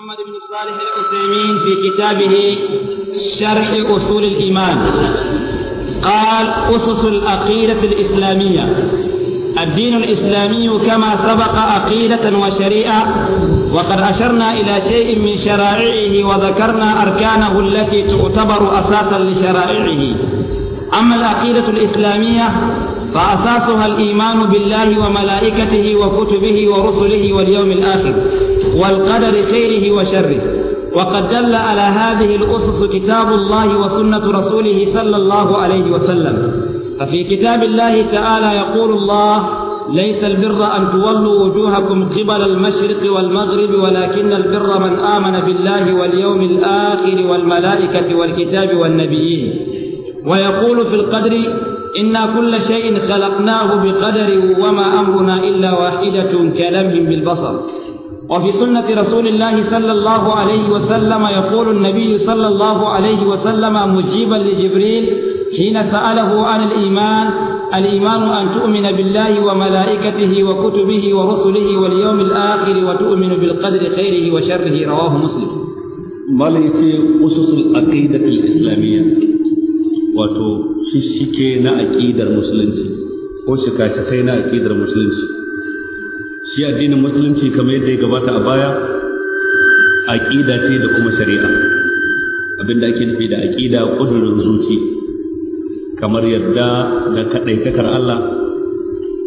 محمد بن صالح العثيمين في كتابه شرح أصول الإيمان قال أسس العقيدة الإسلامية الدين الإسلامي كما سبق عقيدة وشريعة وقد أشرنا إلى شيء من شرائعه وذكرنا أركانه التي تعتبر أساسا لشرائعه أما العقيدة الإسلامية فأساسها الإيمان بالله وملائكته وكتبه ورسله واليوم الآخر والقدر خيره وشره وقد دل على هذه الأسس كتاب الله وسنة رسوله صلى الله عليه وسلم ففي كتاب الله تعالى يقول الله ليس البر أن تولوا وجوهكم قبل المشرق والمغرب ولكن البر من آمن بالله واليوم الآخر والملائكة والكتاب والنبيين ويقول في القدر إنا كل شيء خلقناه بقدر وما أمرنا إلا واحدة كلمه بالبصر وفي سنة رسول الله صلى الله عليه وسلم يقول النبي صلى الله عليه وسلم مجيبا لجبريل حين سأله عن الإيمان الإيمان أن تؤمن بالله وملائكته وكتبه ورسله واليوم الآخر وتؤمن بالقدر خيره وشره رواه مسلم بل أسس العقيدة الإسلامية وتششكي أكيد المسلمين وشكاشكي أكيد المسلمين shi addinin musulunci kamar yadda ya gabata a baya aqida ce da kuma shari'a abinda ake nufi da aqida kudurin zuci kamar yadda da kadaitakar Allah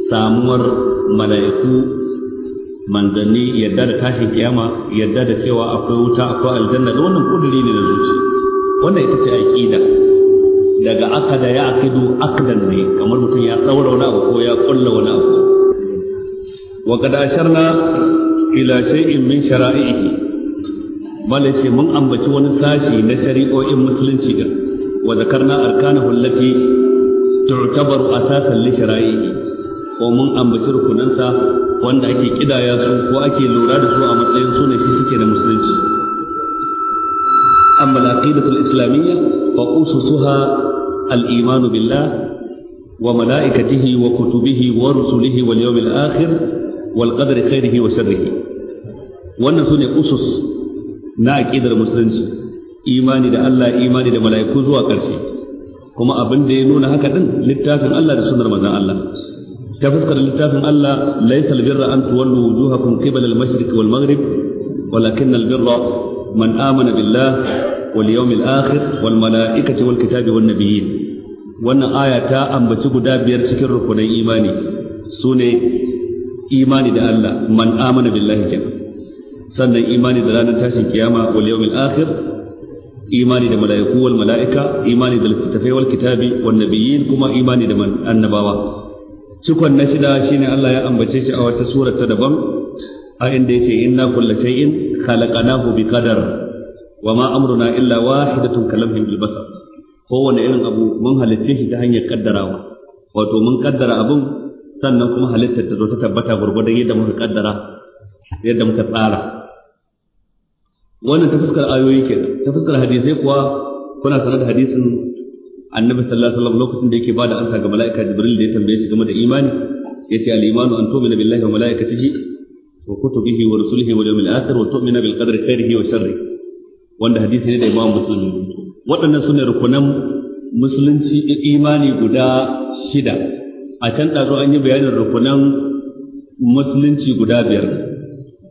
samuwar mala'iku manzanni yadda da tashin kiyama yadda da cewa akwai wuta akwai aljanna da wannan kuduri ne da zuci wannan ita ce aqida daga aka da ya aqidu aqdan ne kamar mutum ya daura wani abu ko ya kulla wani abu وقد أشرنا إلى شيء من شرائعه بل شيء من أم بشون نشري أو إم مسلم وذكرنا أركانه التي تعتبر أساسا لشرائعه ومن أم بشرك وأن أكي كدا ياسو وأكي لوراد سوء من أينسو نشيسي كنا مسلم أما العقيدة الإسلامية وأسسها الإيمان بالله وملائكته وكتبه ورسله واليوم الآخر wal qadri khairihi wa sharrihi wannan sune usus na aqidar musulunci imani da Allah imani da mala'iku zuwa ƙarshe kuma abin da ya nuna haka din littafin Allah da sunnar manzon Allah ta fuskar littafin Allah laysa albirra an tuwallu wujuhakum qibala al-mashriq wal maghrib walakin albirra man amana billah wal yawmil akhir wal mala'ikati wal kitabi wan nabiyyin wannan aya ta ambaci guda biyar cikin rukunin imani sune imani da Allah man amana billahi kenan sannan imani da ranar tashin kiyama wal yawmil akhir imani da mala'iku wal mala'ika imani da littattafai wal kitabi wan nabiyyin kuma imani da annabawa cikon na shida shine Allah ya ambace shi a wata surar ta daban a inda yace inna kulla shay'in khalaqnahu biqadar wa ma amruna illa wahidatun kalamhim bil basar kowane irin abu mun halicce shi ta hanyar kaddarawa wato mun kaddara abun sannan kuma halittar ta zo ta tabbata gurgurdan yadda muka kaddara yadda muka tsara wannan ta fuskar ayoyi ke. ta fuskar hadisai kuwa kuna sanar da hadisin annabi sallallahu alaihi wasallam lokacin da yake bada ansa ga mala'ika jibril da ya tambaye shi game da imani yace al-imanu an tu'mina billahi wa mala'ikatihi wa kutubihi wa rusulihi wa yawmil akhir wa tu'mina bil qadri khairihi wa sharri wanda hadisi ne da imamu muslim waɗannan sune rukunan musulunci imani guda shida a can ɗazu an yi bayanin rukunan musulunci guda biyar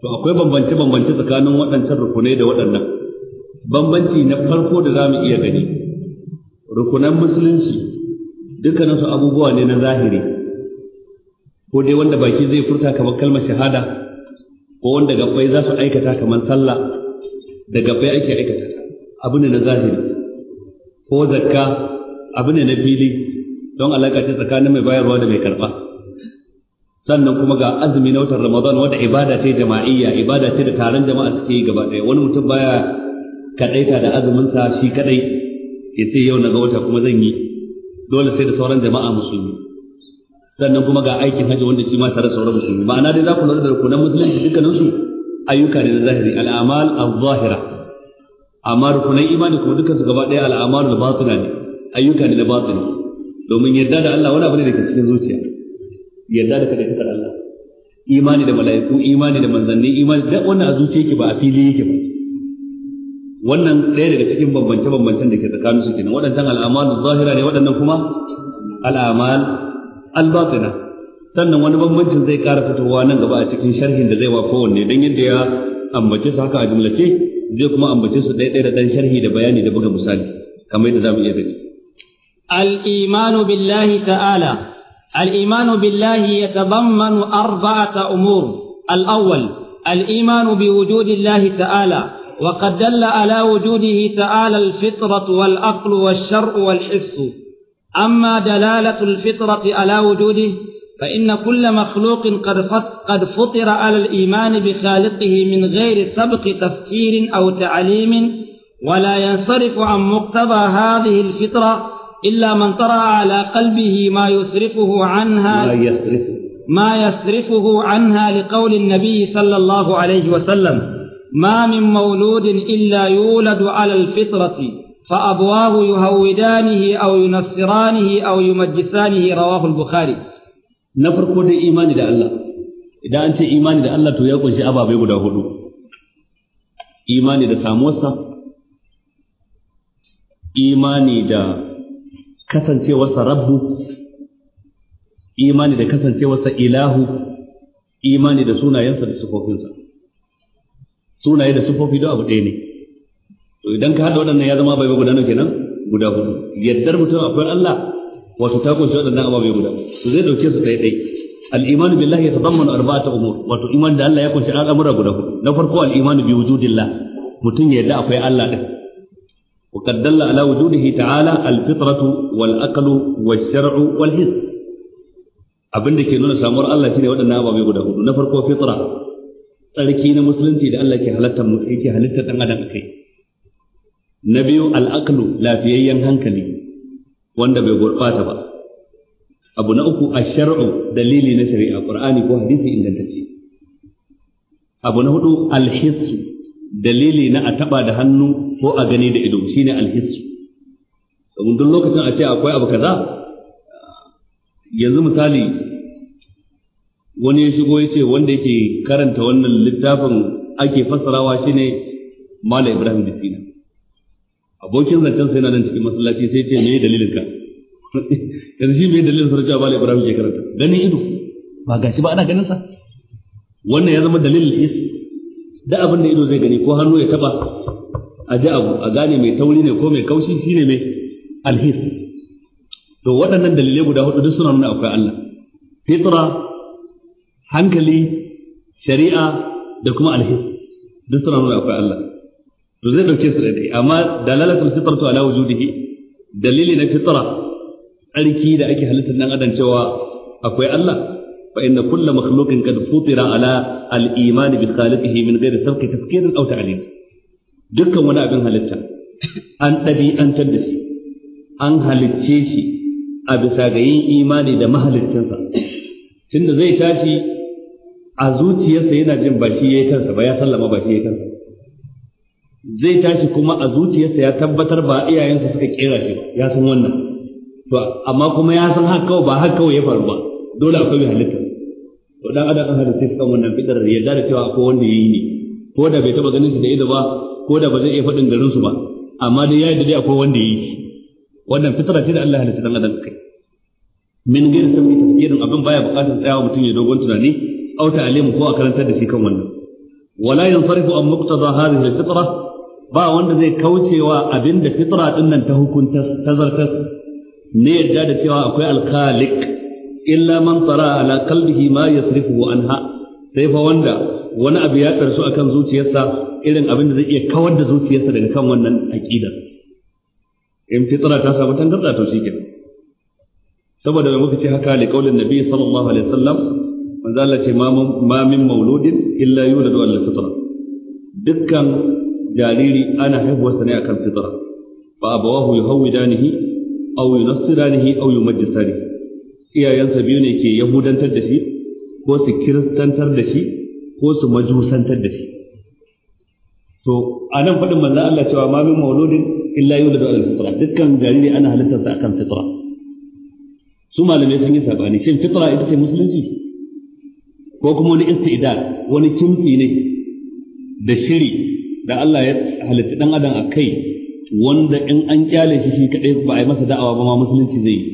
to akwai bambance-bambance tsakanin waɗancan rukunai da waɗannan bambanci na farko da za mu iya gani rukunan musulunci su abubuwa ne na zahiri ko dai wanda baki zai furta kamar kalmar shahada ko wanda gabbai za su aikata kamar sallah da gabbai ake aikata abu ne na zahiri ko zakka abu ne na fili don alaka ce tsakanin mai bayarwa da mai karba sannan kuma ga azumi na watan ramadan wata ibada ce jama'iyya ibada ce da taron jama'a suke yi gaba ɗaya wani mutum baya kaɗaita da azumin sa shi kaɗai ya ce yau na ga wata kuma zan yi dole sai da sauran jama'a musulmi sannan kuma ga aikin hajji wanda shi ma tare da sauran musulmi ma'ana dai za ku lura da rukunan musulunci dukkaninsu ayyuka ne na zahiri al'amal al-zahira amma rukunan imani kuma dukkan su gaba ɗaya al'amal al-batina ne ayyuka ne na batini domin yadda da Allah wani abu ne da ke cikin zuciya yadda da kadai kadar Allah imani da mala'iku imani da manzanni imani da wannan a zuciya yake ba a fili yake ba wannan ɗaya daga cikin bambance bambancen da ke tsakanin su kenan waɗannan al'amal zahira ne waɗannan kuma al'amal albatina sannan wani bambancin zai ƙara fitowa nan gaba a cikin sharhin da zai wa kowanne dan yadda ya ambace su haka a jumlace zai kuma ambace su ɗaya ɗaya da ɗan sharhi da bayani da buga misali kamar yadda za mu iya gani الإيمان بالله تعالى الإيمان بالله يتضمن أربعة أمور الأول الإيمان بوجود الله تعالى وقد دل على وجوده تعالى الفطرة والعقل والشرع والحس أما دلالة الفطرة على وجوده فإن كل مخلوق قد فطر على الإيمان بخالقه من غير سبق تفكير أو تعليم ولا ينصرف عن مقتضى هذه الفطرة إلا من طرأ على قلبه ما يصرفه عنها ما يصرفه ما يصرفه عنها لقول النبي صلى الله عليه وسلم ما من مولود إلا يولد على الفطرة فأبواه يهودانه أو ينصرانه أو يمجسانه رواه البخاري نفرق دي إيمان دا الله إذا أنت إيمان دا الله تيقن شيء أبا بيقول هدو إيمان دا ساموسا إيمان دا kasancewarsa rabbu imani da kasancewarsa ilahu imani da sunayensa da sufofinsa sunaye da sufofi don abu ɗaya ne to idan ka haɗa waɗannan ya zama bai guda nawa kenan guda hudu yaddar mutum akwai Allah wato ta kunshi waɗannan ababai guda to zai dauke su ɗaya ɗaya al-iman billahi yatadammanu arba'ata umur wato iman da Allah ya kunshi al'amura guda hudu na farko al-iman bi wujudillah mutum ya akwai Allah din وقد دل على وجوده تعالى الفطرة والأقل والشرع والحس abin da ke nuna samuwar Allah shine waɗannan ababe guda hudu na farko fitra tsarki na musulunci da Allah ke halatta yake halitta dan adam kai na biyu al'aqlu lafiyayyen hankali wanda bai gurɓata ba abu na uku dalili na shari'a qur'ani ko hadisi ingantacce hudu al dalili na a taba da hannu ko a gani da ido shine alhissu domin duk lokacin a ce akwai abu kaza yanzu misali wani ya shigo ya ce wanda yake karanta wannan littafin ake fassarawa shine Mala Ibrahim Bittina abokin zancen sai na nan cikin masallaci sai ce me dalilin ka yanzu shi me dalilin sa cewa Malam Ibrahim ke karanta ganin ido ba gashi ba ana ganin sa wannan ya zama dalilin is da abin da ido zai gani ko hannu ya taba a ji abu a gane mai tauri ne ko mai kaushi shine mai alhis to waɗannan dalilai guda hudu duk suna nuna akwai Allah fitra hankali shari'a da kuma alhis duk suna nuna akwai Allah to zai dauke su dai amma dalalatul fitratu ala wujudihi dalili na fitra tsarki da ake halittar dan adam cewa akwai Allah فإن كل مخلوق قد فطر على الإيمان بخالقه من غير سبق تفكير أو تعليم دكا وانا أبن هلتا أن تبي أن تدسي أن هلتشيشي أبسا غيين إيماني دا مهلتشنسا tunda zai tashi a zuciyarsa yana jin ba shi yayi kansa ba ya sallama ba shi yayi kansa zai tashi kuma a zuciyarsa ya tabbatar ba iyayensa suka kera shi ya san wannan amma kuma ya san haka ba haka ya faru ba dole akwai halitta to dan adam an hadisi kan wannan bidar yadda da cewa akwai wanda yayi ne ko da bai taba ganin shi da ido ba ko da ba zai iya faɗin garin su ba amma dai ya da dai akwai wanda yayi wannan fitara ce da Allah halitta dan adam kai min gairi sabbi tafsirin abin baya bukatar tsayawa mutum ya dogon tunani au alimu ko a karantar da shi kan wannan wala yansarifu an muqtada hadhihi alfitra ba wanda zai kaucewa abinda fitra din nan ta hukunta ta zartar ne yadda da cewa akwai alkhaliq illa man tara ala qalbihi ma yasrifu anha sai fa wanda wani abu ya karsu akan zuciyarsa irin abin da zai iya kawar da zuciyarsa daga kan wannan aqida in fitra ta samu tangarda to shikenan saboda da muka ce haka li qaulin nabi sallallahu alaihi wasallam manzo Allah ce ma min mauludin illa yuladu ala fitra dukkan jariri ana haihuwarsa ne akan fitra fa abawahu yuhawidanihi aw yunassiranihi aw yumajjisanihi iyayensa biyu ne ke yahudantar da shi ko su kiristantar da shi ko su majusantar da shi to a nan faɗin manzan Allah cewa ma min mauludin illa yuladu ala fitra dukkan jariri ana halittar sa akan fitra su malamai sun yi sabani shin fitra ita ce musulunci ko kuma wani istidad wani kimfi ne da shiri da Allah ya halitta dan adam a kai wanda in an kyale shi shi kadai ba a yi masa da'awa ba ma musulunci zai yi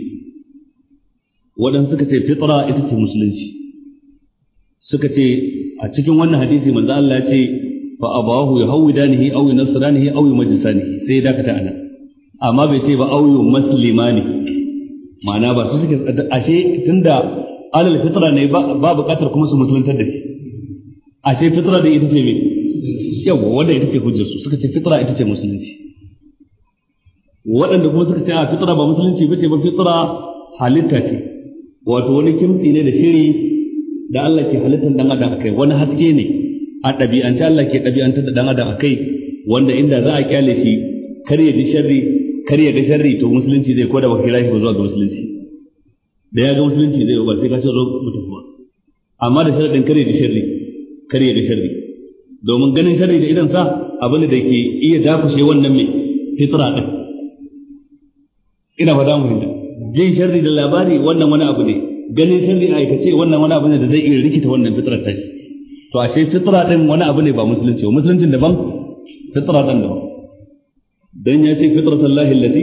waɗansu suka ce fitra ita ce musulunci suka ce a cikin wannan hadisi manzo Allah ya ce fa abahu yahwidanihi aw yansuranihi aw yumajisani sai ya dakata anan amma bai ce ba aw yumuslimani ma'ana ba su suke ashe tunda alal fitra ne ba buƙatar kuma su musulunta da shi ashe fitra da ita ce me yawa wanda ita ce hujjar su suka ce fitra ita ce musulunci waɗanda kuma suka ce a fitra ba musulunci ba ce ba fitra halitta ce wato wani kimtsi ne da shiri da Allah ke halittar dan adam akai wani haske ne a ɗabi'ance Allah ke ɗabi'antar da dan adam akai wanda inda za a kyale shi kar ya ji sharri kar ya ga sharri to musulunci zai koda baka kira shi zuwa ga musulunci da ya ga musulunci zai ba sai ka ce zo mutum kuma amma da sharadin kar ya ji sharri kar ya ga sharri domin ganin sharri da idan sa abin da ke iya dakushe wannan mai fitra din ina fata mu hinda jin sharri da labari wannan wani abu ne ganin sharri a aikace wannan wani abu ne da zai iya rikita wannan fitrar ta shi to ashe fitra din wani abu ne ba musulunci ba musulunci daban fitra din daban dan ya ce fitratallahi allati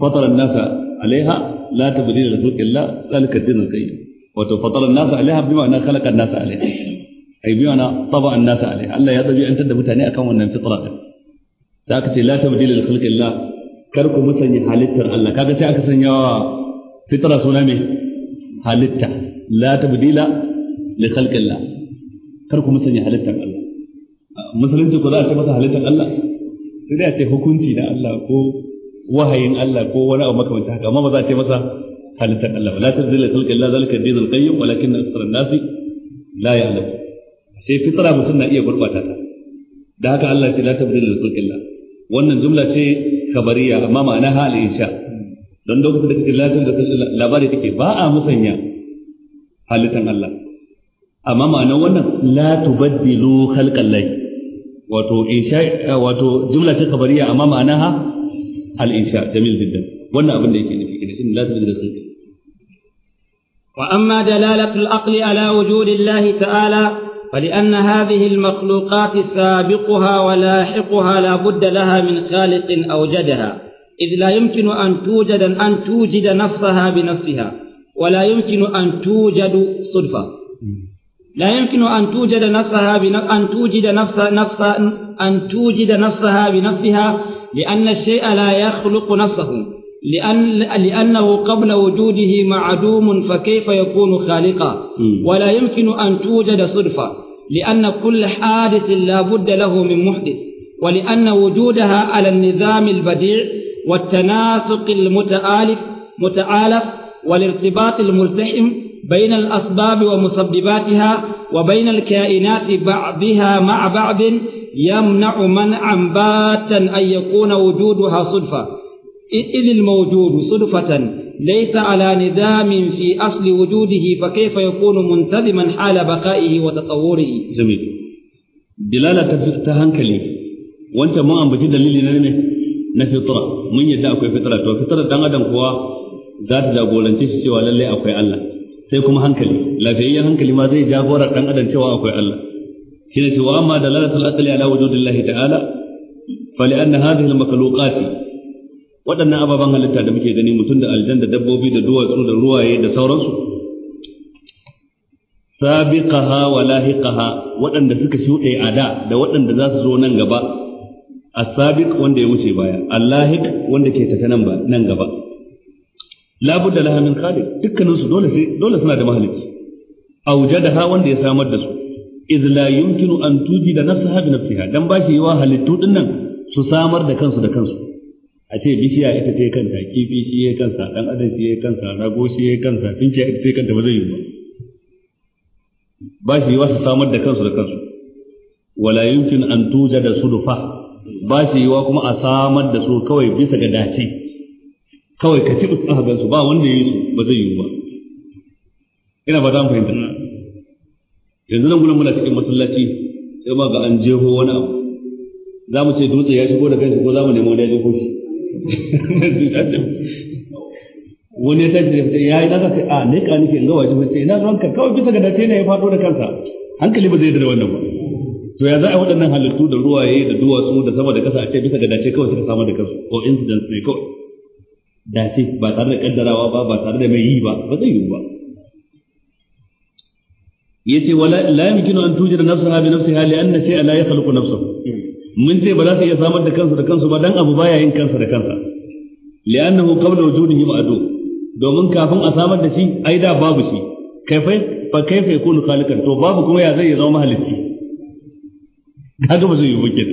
fatara an-nasa alaiha la tabdila li illa zalika din al-qayyim wato fatara an-nasa alaiha bima na khalaqa an-nasa alaiha ai bima na taba an-nasa alaiha Allah ya tabi'antar da mutane akan wannan fitra din da aka ce la tabdila li khalqillah kar ku musanya halittar Allah kaga sai aka sanya wa fitra suna mai halitta la tabdila li khalqillah kar ku musanya halittar Allah musulunci ku za a ce masa halittar Allah sai dai a ce hukunci na Allah ko wahayin Allah ko wani abu makamancin haka amma ba za a ce masa halittar Allah la tabdila li khalqillah zalika ad-dinul qayyim walakin aktharun nasi la ya'lam sai fitra mutum na iya gurbata ta da haka Allah ce la tabdila li khalqillah wannan jumla ce kabariya amma ma'ana halin sha don lokacin da kace latin da labari take ba a musanya halittan Allah amma ma'anar wannan la tubaddilu khalqallahi wato insha wato jumla ce kabariya amma ha al insha jamil jiddan wannan abin da yake nufi kenan in la tubaddilu khalqallahi وأما دلالة العقل aqli ala الله ta'ala. ولأن هذه المخلوقات سابقها ولاحقها لا بد لها من خالق أوجدها إذ لا يمكن أن توجد أن توجد نفسها بنفسها ولا يمكن أن توجد صدفة لا يمكن أن توجد نفسها أن توجد نفس نفس أن توجد نفسها بنفسها لأن الشيء لا يخلق نفسه لأن لأنه قبل وجوده معدوم فكيف يكون خالقا ولا يمكن أن توجد صدفة لأن كل حادث لا بد له من محدث ولأن وجودها على النظام البديع والتناسق المتآلف متآلف والارتباط الملتحم بين الأسباب ومسبباتها وبين الكائنات بعضها مع بعض يمنع منعا باتا أن يكون وجودها صدفة إذ الموجود صدفة ليس على ندام في أصل وجوده فكيف يكون منتظما حال بقائه وتطوره جميل دلالة تهنكلي وانت ما أم بجد دليل na fitra mun yadda akwai fitra to fitrar dan adam kuwa za ta jagorance shi cewa lallai akwai Allah sai kuma hankali lafiyayyen hankali ma zai jagorar dan adam cewa akwai Allah shine cewa amma dalalatul aqli ala wujudillahi ta'ala fa li anna hadhihi al waɗannan ababen halitta da muke gani mutum da aljan da dabbobi da duwatsu da ruwaye da sauransu sabiqaha wa lahiqaha waɗanda suka shuɗe a da da waɗanda za su zo nan gaba as-sabiq wanda ya wuce baya al-lahiq wanda ke tafi nan ba nan gaba labudda laha min khaliq dukkanin su dole sai dole suna da mahalicci awjadaha wanda ya samar da su iz la yumkinu an tujida nafsaha bi nafsiha dan ba shi yawa halittu dinnan su samar da kansu da kansu a ce bishiya ita ce kanta kifi shi ya kansa dan adam shi ya kansa rago shi ya kansa tunkiya ita ce kanta ba zai yi ba ba shi yiwa su samar da kansu da kansu wala yumkin an tuja da sudufa ba shi yiwa kuma a samar da su kawai bisa ga dace kawai ka ci aka gansu ba wanda ya yi su ba zai yi ba ina ba ta fahimta yanzu nan gudun muna cikin masallaci sai ma ga an jeho wani abu za mu ce dutse ya shigo da kanshi ko za mu nemo wani ya jeho shi wani ya tashi da ya yi nasa a ne ka nake ga wajen sai ina zuwan ka kawai bisa ga dace ne ya fado da kansa hankali ba zai da wannan ba to ya za a waɗannan halittu da ruwaye da duwatsu da sama da kasa a ce bisa ga dace kawai suka samu da kansu ko incidents ne kawai dace ba tare da kaddarawa ba ba tare da mai yi ba ba zai yi ba yace wala la yamkinu an tujira nafsaha bi nafsiha li anna shay'a la yakhluqu nafsahu mun ce ba za su iya samar da kansu da kansu ba dan abu baya yin kansa da kansa li'annahu qabla wujudihi ma'du domin kafin a samar da shi ai da babu shi kaifai fa kaifa yakunu khaliqan to babu kuma ya zai zama mahalicci kaga ba zai yi bukin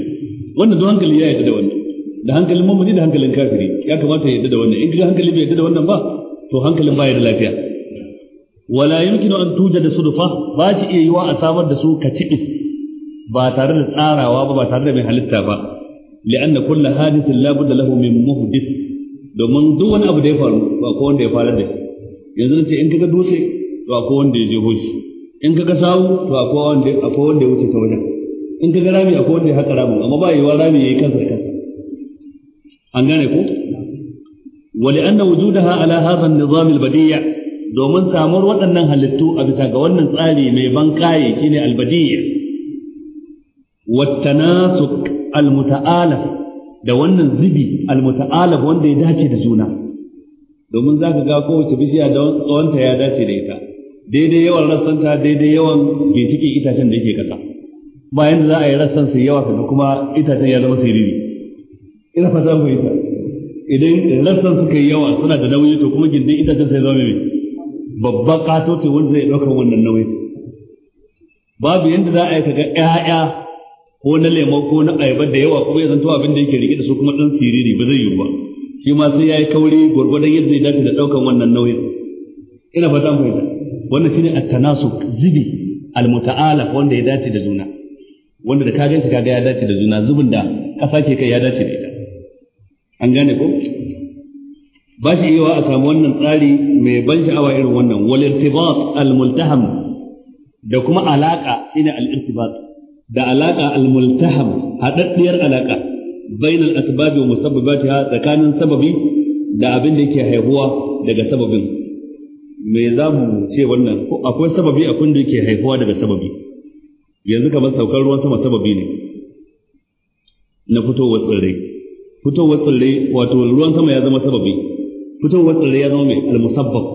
wannan don hankali ya yadda da wannan da hankalin mamuni da hankalin kafiri ya kamata ya yadda da wannan in kaga hankali bai yadda da wannan ba to hankalin baya da lafiya wala yumkinu an tujada sudufa ba shi iya yiwa a samar da su ka cibis ba tare da tsarawa ba ba tare da mai halitta ba li'anna kullu hadithin la budda lahu min muhdith domin duk wani abu da ya faru to ko wanda ya fara da yanzu ce in kaga dutse to akwai wanda ya je hoshi in kaga sawu to akwai wanda akwai wanda ya wuce ta wajen in kaga rami akwai wanda ya haka ramin amma ba yiwa rami yayi kansa kansa an gane ko ولأن وجودها على هذا النظام البديع domin samuwar waɗannan halittu a bisa ga wannan tsari mai ban kaye shine albadiyya والتناسق المتآلف da wannan zubi almuta'alaf wanda ya dace da juna domin za ka ga kowace bishiya da tsawonta ya dace da ita daidai yawan rassanta daidai yawan ginshiƙin itacen da yake ƙasa ba yanda za a yi rassan su yawa kaga kuma itacen ya zama riri. ina fata mu ita idan rassan suka yi yawa suna da nauyi to kuma gindin itacen sai zama mai babban ƙato ce wanda zai ɗaukar wannan nauyi babu yadda za a yi kaga ƴaƴa ko na lemo ko na ayaba da yawa kuma ya zanto abin da yake rike da su kuma dan siriri ba zai yi ba shi ma sai yayi kauri gurgurdan yadda ya dace da daukan wannan nauyin ina fata an fahimta wannan shine at-tanasuk zibi al-muta'ala wanda ya dace da juna wanda da ka ganta kaga ya dace da juna zubin da kasa ce kai ya dace da ita an gane ko ba shi yawa a samu wannan tsari mai ban sha'awa irin wannan wal irtibat al multaham da kuma alaka shine al irtibat da alaka almultaham haɗaɗɗiyar alaka bainal asbabi wa musabbabatiha tsakanin sababi da abin da yake haihuwa daga sababin me za mu ce wannan ko akwai sababi akwai da yake haihuwa daga sababi yanzu kamar saukar ruwan sama sababi ne na fitowar tsirrai fitowar tsirrai wato ruwan sama ya zama sababi fitowar tsirrai ya zama mai almusabbab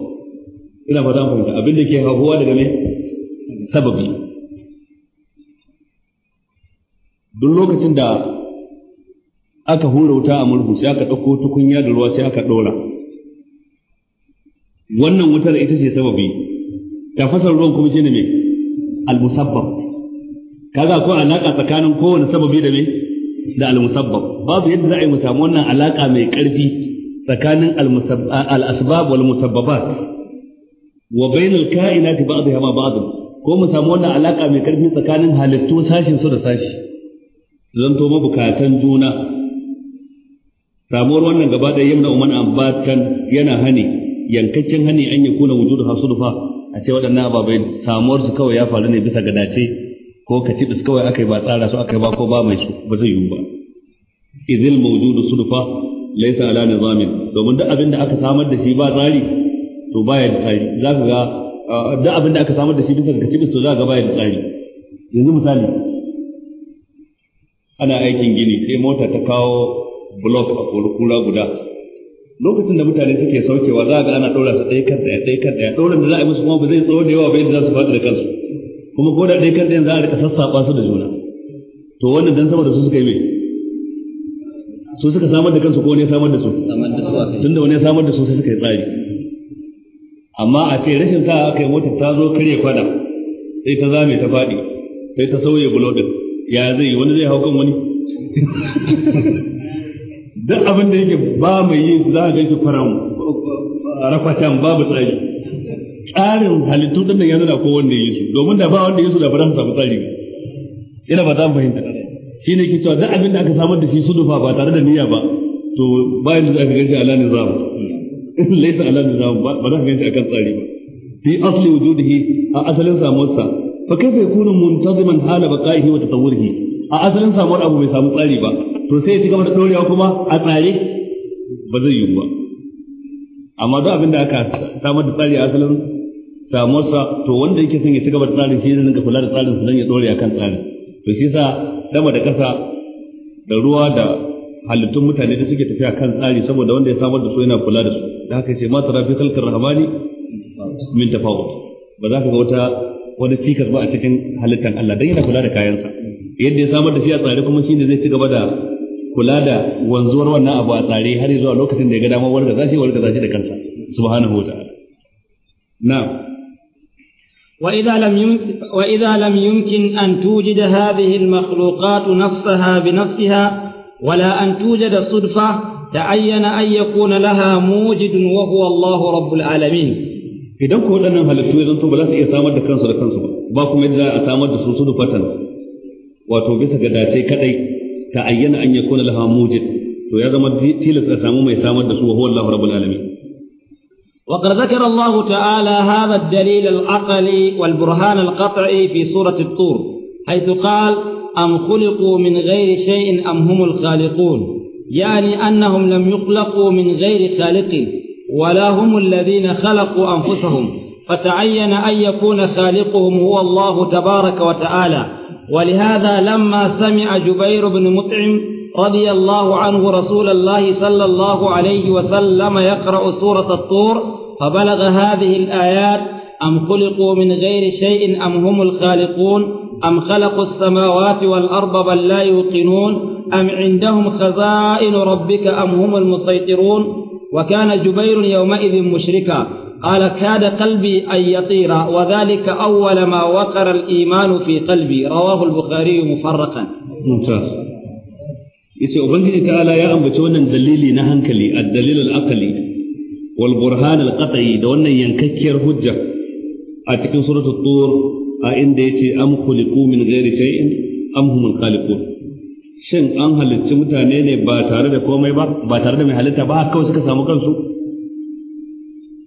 ina fata fahimta abin da ke haihuwa daga me sababi duk lokacin da aka hura wuta a murhu sai aka ɗauko tukunya da ruwa sai aka ɗora wannan wutar ita ce sababi tafasar ruwan kuma ne me al Ka kaga ko alaka tsakanin kowane sababi da me da al babu yadda za a yi mu samu wannan alaka mai ƙarfi tsakanin al-asbab wal musabbabat wa bainal kainati ba'dha ma ba'd ko mu samu wannan alaka mai ƙarfi tsakanin halittu sashin su da sashi zanto mabukatan juna samuwar wannan gaba ɗaya yamna umman ambatan yana hani yankakken hani an yi kuna wujudu hasulfa a ce waɗannan ababai samuwar su kawai ya faru ne bisa ga dace ko ka ci kawai aka yi ba tsara su aka yi ba ko ba mai su ba zai yi ba izil mawjudu sulfa laysa ala nizamin domin duk abin da aka samar da shi ba tsari to baya da tsari za ka ga ah, duk abin da aka samar da shi bisa ga cibis to za ka ga baya da tsari yanzu misali ana aikin gini sai mota ta kawo block a kula guda lokacin da mutane suke saukewa za a ga ana ɗora su ɗaya kan ɗaya ɗaya kan ɗaya ɗorin da za a yi musu kuma ba zai tsawo da yawa ba yadda za su faɗi da kansu kuma ko da ɗaya kan da za a rika sassaɓa su da juna to wannan dan saboda su suka yi mai su suka samar da kansu ko ne samar da su tunda wani samar da su sai suka yi tsari amma a ce rashin sa aka yi motar ta zo karya kwada sai ta zame ta faɗi sai ta sauye bulodin. ya zai wani zai hau kan wani duk abin da yake ba mai yin za a ganshi faran rakwatan babu tsari tsarin halittu din nan ya nuna ko wanda yi su domin da ba wanda yi su da faransa samu tsari ina ba za mu fahimta shi ne ke cewa duk abin da aka samar da shi su dufa ba tare da niyya ba to bayan da aka ganshi ala nizam laysa ala nizam ba za ka ganshi akan tsari ba fi asli wujudihi a asalin samuwarsa fa kaifa yakunu muntaziman hala baqaihi wa tatawwurihi a asalin samuwar abu bai samu tsari ba to sai ya ci gaba da dorewa kuma a tsare ba zai yi ba amma duk abin da aka samar da tsari a asalin samuwarsa to wanda yake son ya ci gaba da tsarin shi zai rinka kula da tsarin su dan ya dore akan tsarin to shi sa dama da kasa da ruwa da halittun mutane da suke tafiya kan tsari saboda wanda ya samar da su yana kula da su da haka ce ma tarafi khalqir rahmani min tafawut ba za ka ga wata wani cikas ba a cikin halittar Allah don yana kula da kayansa yadda ya samar da shi a tsare kuma shi ne zai ci gaba da kula da wanzuwar wannan abu a tsare har zuwa lokacin da ya ga dama warga za shi warga za shi da kansa subhanahu wataala na'am وإذا لم يمكن وإذا لم يمكن أن توجد هذه المخلوقات نفسها بنفسها ولا أن توجد صدفة تعين أن يكون لها موجد وهو الله رب العالمين idan ku waɗannan halittu ya zanto ba za su iya samar da kansu da kansu ba ba kuma yadda a samar da su su fatan wato bisa ga dace kadai ta ayyana an yakuna laha mujid to ya zama tilas a samu mai samar da su wa huwa Allahu rabbul alamin wa qad zakara Allah ta'ala hadha ad-dalil al-aqli wal burhan al-qat'i fi surati at-tur haythu قال am khuliqu min غير shay'in am humul khaliqun yani annahum lam يخلقوا min غير khaliqin ولا هم الذين خلقوا أنفسهم فتعين أن يكون خالقهم هو الله تبارك وتعالى ولهذا لما سمع جبير بن مطعم رضي الله عنه رسول الله صلى الله عليه وسلم يقرأ سورة الطور فبلغ هذه الآيات أم خلقوا من غير شيء أم هم الخالقون أم خلقوا السماوات والأرض بل لا يوقنون أم عندهم خزائن ربك أم هم المسيطرون وكان جبير يومئذ مشركا قال كاد قلبي أن يطير وذلك أول ما وقر الإيمان في قلبي رواه البخاري مفرقا ممتاز يسي أبنك تعالى يا أم بتونا دليلي نهنكلي الدليل الأقلي والبرهان القطعي دون ينككر هجة أتكن صورة الطور أين ديتي أم خلقوا من غير شيء أم هم الخالقون shin an halicci mutane ne ba tare da komai ba ba tare da mai halitta ba kawai suka samu kansu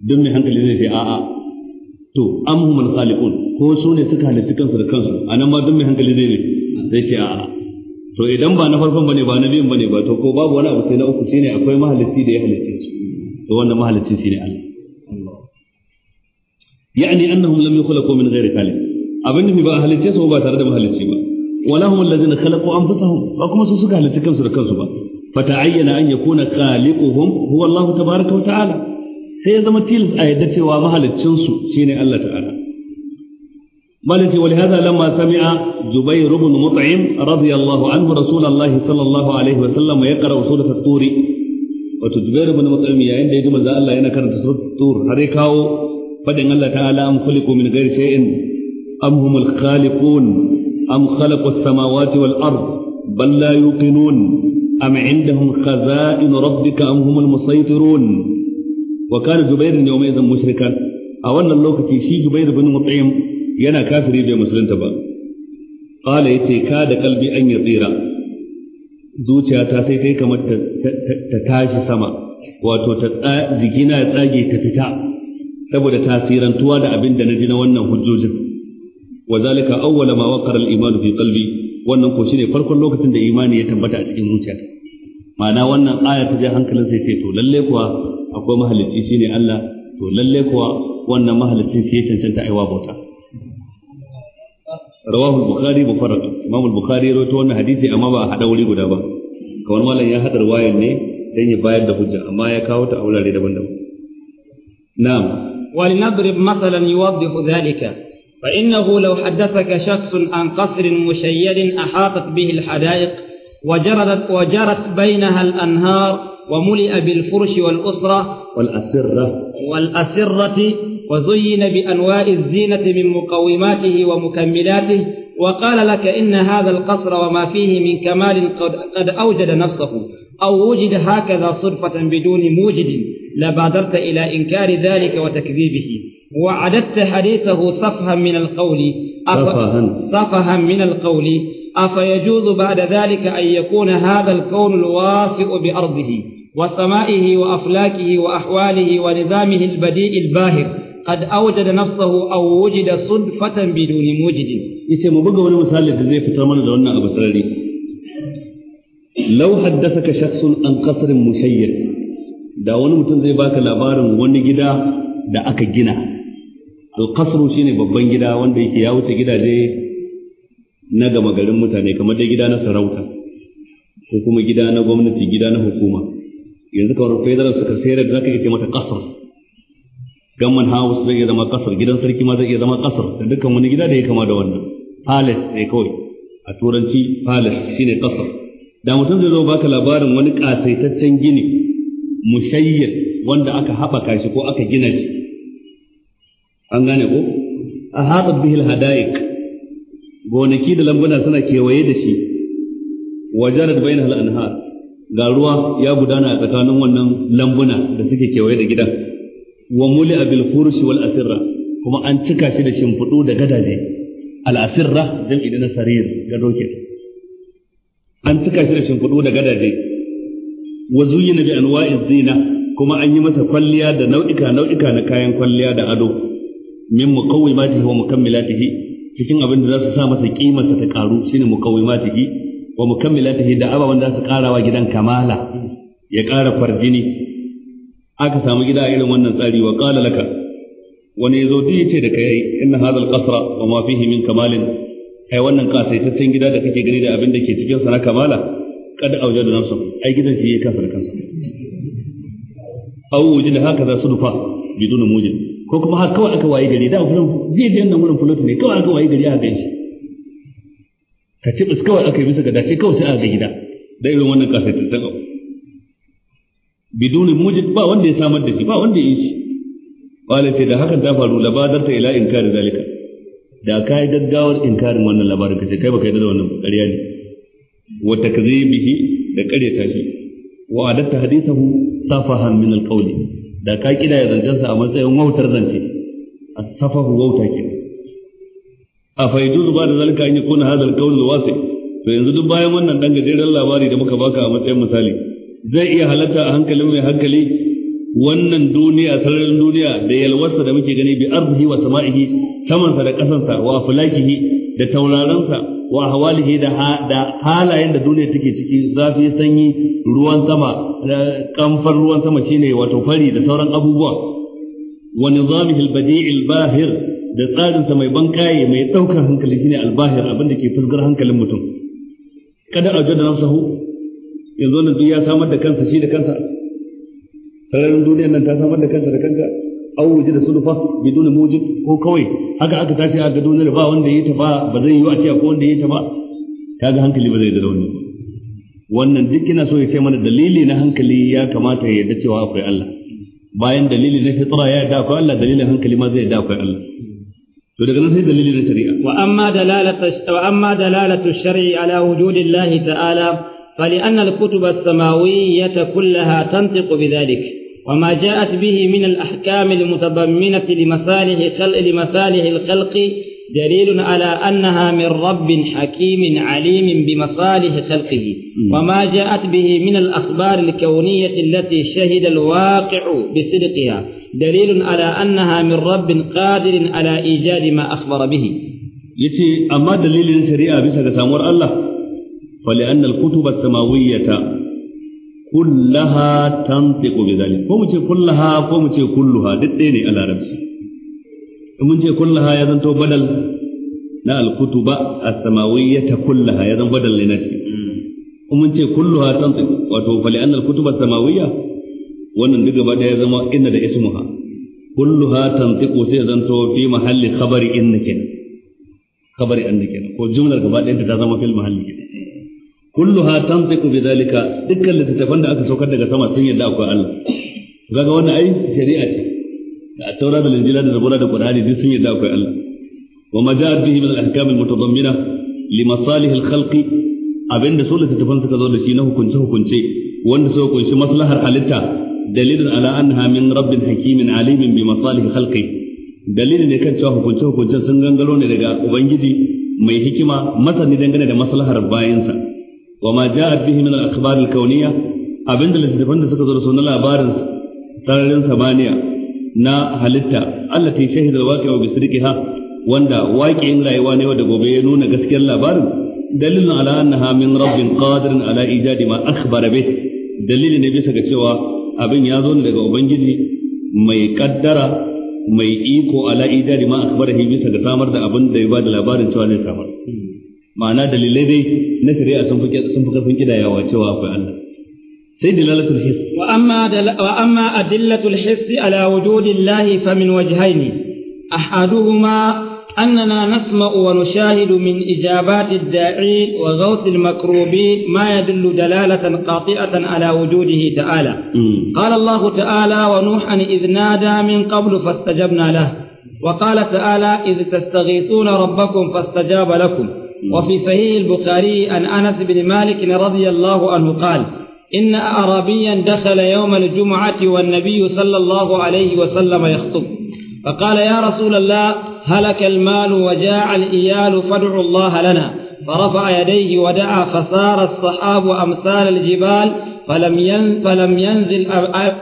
don mai hankali zai ce a'a to an humul khaliqun ko su ne suka halicci kansu da kansu anan ba don mai hankali zai ne zai ce a'a to idan ba na farkon bane ba na biyun bane ba to ko babu wani abu sai na uku shine akwai mahalicci da ya halicce su to wannan mahalicci shine Allah yani annahum lam yukhlaqu min ghairi khaliq abin da ba halicce su ba tare da mahalicci ba ولهم الذين خلقوا أنفسهم فكما سوسك هل تكنسوا لكنسوا فتعين أن يكون خالقهم هو الله تبارك وتعالى سيزم تيلز آيات سوى مهل التنسو شيني الله تعالى مالتي ولهذا لما سمع زبير بن مطعم رضي الله عنه رسول الله صلى الله عليه وسلم يقرأ سورة الطور وتجبير بن مطعم يا عند يجمع ذا الله ينكر سورة الطور هريكاو فدن الله تعالى أم خلقوا من غير شيء أم هم الخالقون أم خلقوا السماوات والأرض بل لا يوقنون أم عندهم خزائن ربك أم هم المسيطرون وكان جبير يومئذ مشركا أو أن اللوكة شي جبير بن مطعم ينا كافر يبي مسلم تبا قال يتي كاد قلبي أن يطير zuciyata sai ta yi kamar ta tashi sama wato ta jikina ya tsage ta fita saboda tasirantuwa da abin da na ji na wannan hujjojin wa zalika awwala ma waqara al-iman fi qalbi wannan ko shine farkon lokacin da imani ya tabbata a cikin zuciyata ma'ana wannan aya ta je hankalin sai ce to lalle kuwa akwai mahalicci shine Allah to lalle kuwa wannan mahaliccin shi ya cancanta aiwa bauta rawahu bukhari mufarrad imam al-bukhari ya rawaito wannan hadisi amma ba a hada wuri guda ba kamar mallan ya hadar wayan ne dan ya bayar da hujja amma ya kawo ta a wurare daban-daban na'am linadrib مثلا yuwaddihu dhalika فإنه لو حدثك شخص عن قصر مشيد أحاطت به الحدائق وجرت, وجرت بينها الأنهار وملئ بالفرش والأسرة والأسرة والأسرة وزين بأنواع الزينة من مقوماته ومكملاته وقال لك إن هذا القصر وما فيه من كمال قد أوجد نفسه أو وجد هكذا صرفة بدون موجد لبادرت إلى إنكار ذلك وتكذيبه وعددت حديثه صفها من القول صفها صفها من القول أفيجوز بعد ذلك أن يكون هذا الكون الواسع بأرضه وسمائه وأفلاكه وأحواله ونظامه البديء الباهر قد أوجد نفسه أو وجد صدفة بدون موجد يتي مبقى وانا مسالة زي فترة مانا دعونا أبو سرالي لو حدثك شخص عن قصر مشير da wani mutum zai baka labarin wani gida da aka gina shi shine babban gida wanda yake ya wuce gidaje na gama garin mutane kamar da gida na sarauta ko kuma gida na gwamnati gida na hukuma yanzu kamar federal suka sayar da zaka ce mata kasar gamman house zai iya zama kasar gidan sarki ma zai iya zama kasar da dukkan wani gida da ya kama da wannan palace ne kawai a turanci palace shine kasar da mutum zai zo baka labarin wani ƙasaitaccen gini mushayyir wanda aka haɓaka shi ko aka gina shi an gane ko a haɗa bihil hadaik gonaki da lambuna suna kewaye da shi wajarat da al anhar ga ruwa ya gudana a tsakanin wannan lambuna da suke kewaye da gidan wa muli abil furushi wal asirra kuma an cika shi da shimfiɗu da gadaje al asirra jam'i idan sarir ga doke an cika shi da shimfiɗu da gadaje wa zuyyina bi anwa'iz zina kuma an yi masa kwalliya da nau'ika nau'ika na kayan kwalliya da ado min muqawwimatihi wa mukammilatihi cikin abin da za su sa masa kima ta karu shine muqawwimatihi wa mukammilatihi da abawan da su karawa gidan kamala ya kara farjini aka samu gida irin wannan tsari wa qala laka wani yazo ta yace da kai inna hadha al-qasra wa ma fihi min kamalin ai wannan kasaitaccen gida da kake gani da abin da ke cikin sa na kamala kada auje da nasu, ai gidan shi ya kafa da kansa au wujin haka za su dufa bidun mujin ko kuma har kawai aka waye gari da wurin zai je nan wurin fulot ne kawai aka waye gari a gan shi ka ci bis kawai aka yi bisa ga dace kawai sai ga gida da irin wannan ta tsaka biduni mujid ba wanda ya samar da shi ba wanda ya yi shi wala sai da hakan ta faru labadarta ila inkari zalika da ka yi gaggawar inkarin wannan labarin ka ce kai baka yarda da wannan ƙarya ne wa takzibihi da ƙaryata shi wa adatta hadithahu safahan min alqawli da ka kida ya zancensa a matsayin wautar zance a asafahu wauta ke a faidu zuba da zalika an yi kuna al kawun al sai, to yanzu duk bayan wannan dan gajeren labari da muka baka a matsayin misali zai iya halatta a hankalin mai hankali wannan duniya sararin duniya da yalwarsa da muke gani bi arzihi wa sama'ihi samansa da kasansa wa aflakihi da tauraransa wa ahwalihi da halayen da duniya take ciki zafi sanyi ruwan sama kamfar ruwan sama shine wato fari da sauran abubuwa wa nizamihi albadi'i albahir da tsarin sa mai bankaye mai daukar hankali shine albahir abin da ke fusgar hankalin mutum kada a jada nafsahu yanzu nan duk ya samar da kansa shi da kansa sararin duniyar nan ta samar da kansa da kanka أو وجد صدفة بدون موجب هو كوي هكا أكا تاسي هكا دون ربا وان دي يتبا بدن يؤتي أكون دي يتبا كاكا هنك اللي بدأ يدلوني وان ذكنا سوي تيمان دليلي نهنك اللي يا كما تهيدتي وافري الله باين دليلي نفي طرا يا داكو الله دليلي هنك اللي ما زي داكو الله تو دغنا الشريعة وأما دلالة وأما دلالة الشرع على وجود الله تعالى فلأن الكتب السماوية كلها تنطق بذلك وما جاءت به من الأحكام المتضمنة لمصالح خلق لمصالح الخلق دليل على أنها من رب حكيم عليم بمصالح خلقه وما جاءت به من الأخبار الكونية التي شهد الواقع بصدقها دليل على أنها من رب قادر على إيجاد ما أخبر به يتي أما دليل سريع بسد سامور الله فلأن الكتب السماوية kullaha tantiqu bidhalik ko mu ce kullaha ko mu ce kulluha duk ɗaya ne a larabci in mun ce kullaha ya zanto badal na alkutuba as-samawiyyata kullaha ya zan badal ne na shi in mun ce kulluha tantiqu wato fa li'anna al-kutuba as-samawiyya wannan duk gaba ya zama inna da ismuha kulluha tantiqu sai zanto fi mahalli khabari inna kenan khabari anna kenan ko jumlar gaba ɗaya ta zama fil mahalli kulluha tantiqu bidhalika dukkan littattafan da aka saukar daga sama sun yadda akwai Allah kaga wannan ai shari'a ce da at-taura da zabura da qur'ani duk sun yadda akwai Allah wa ma ja'a min al-ahkam al-mutadammina li abinda su littattafan suka zo da shi na hukunce hukunce wanda suka kunshi maslahar halitta dalilin ala annaha rabbin hakimin alimin bi masalih khalqi dalilin ne kan cewa hukunce hukunce sun gangalo ne daga ubangiji mai hikima masani dangane da maslahar bayansa wa ma ja'at bihi min al-akhbar abinda littafan da suka zo da sunan labarin sararin samaniya na halitta allati shahida al-waqi'u bi sidqiha wanda waƙiyin rayuwa ne wanda gobe ya nuna gaskiyar labarin dalilin ala annaha min rabbin qadirin ala ijadi ma akhbara bih dalili ne bisa ga cewa abin ya zo daga ubangiji mai kaddara mai iko ala ijadi ma akhbara bisa ga samar da abin da ya bada da labarin cewa zai samar ma'ana dalilai dai na shari'a sun fi sun fi karfin kidayawa cewa akwai Allah sai dilalatul hiss wa amma wa amma adillatul hiss ala wujudillahi fa min wajhaini ahaduhuma أننا نسمع ونشاهد من إجابات الداعي وغوث المكروبين ما يدل دلالة قاطعة على وجوده تعالى مم. قال الله تعالى ونوحا إذ نادى من قبل فاستجبنا له وقال تعالى إذ تستغيثون ربكم فاستجاب لكم وفي صحيح البخاري عن أنس بن مالك رضي الله عنه قال إن أعرابيا دخل يوم الجمعة والنبي صلى الله عليه وسلم يخطب فقال يا رسول الله هلك المال وجاع الإيال فادعوا الله لنا فرفع يديه ودعا فسار الصحاب أمثال الجبال فلم فلم ينزل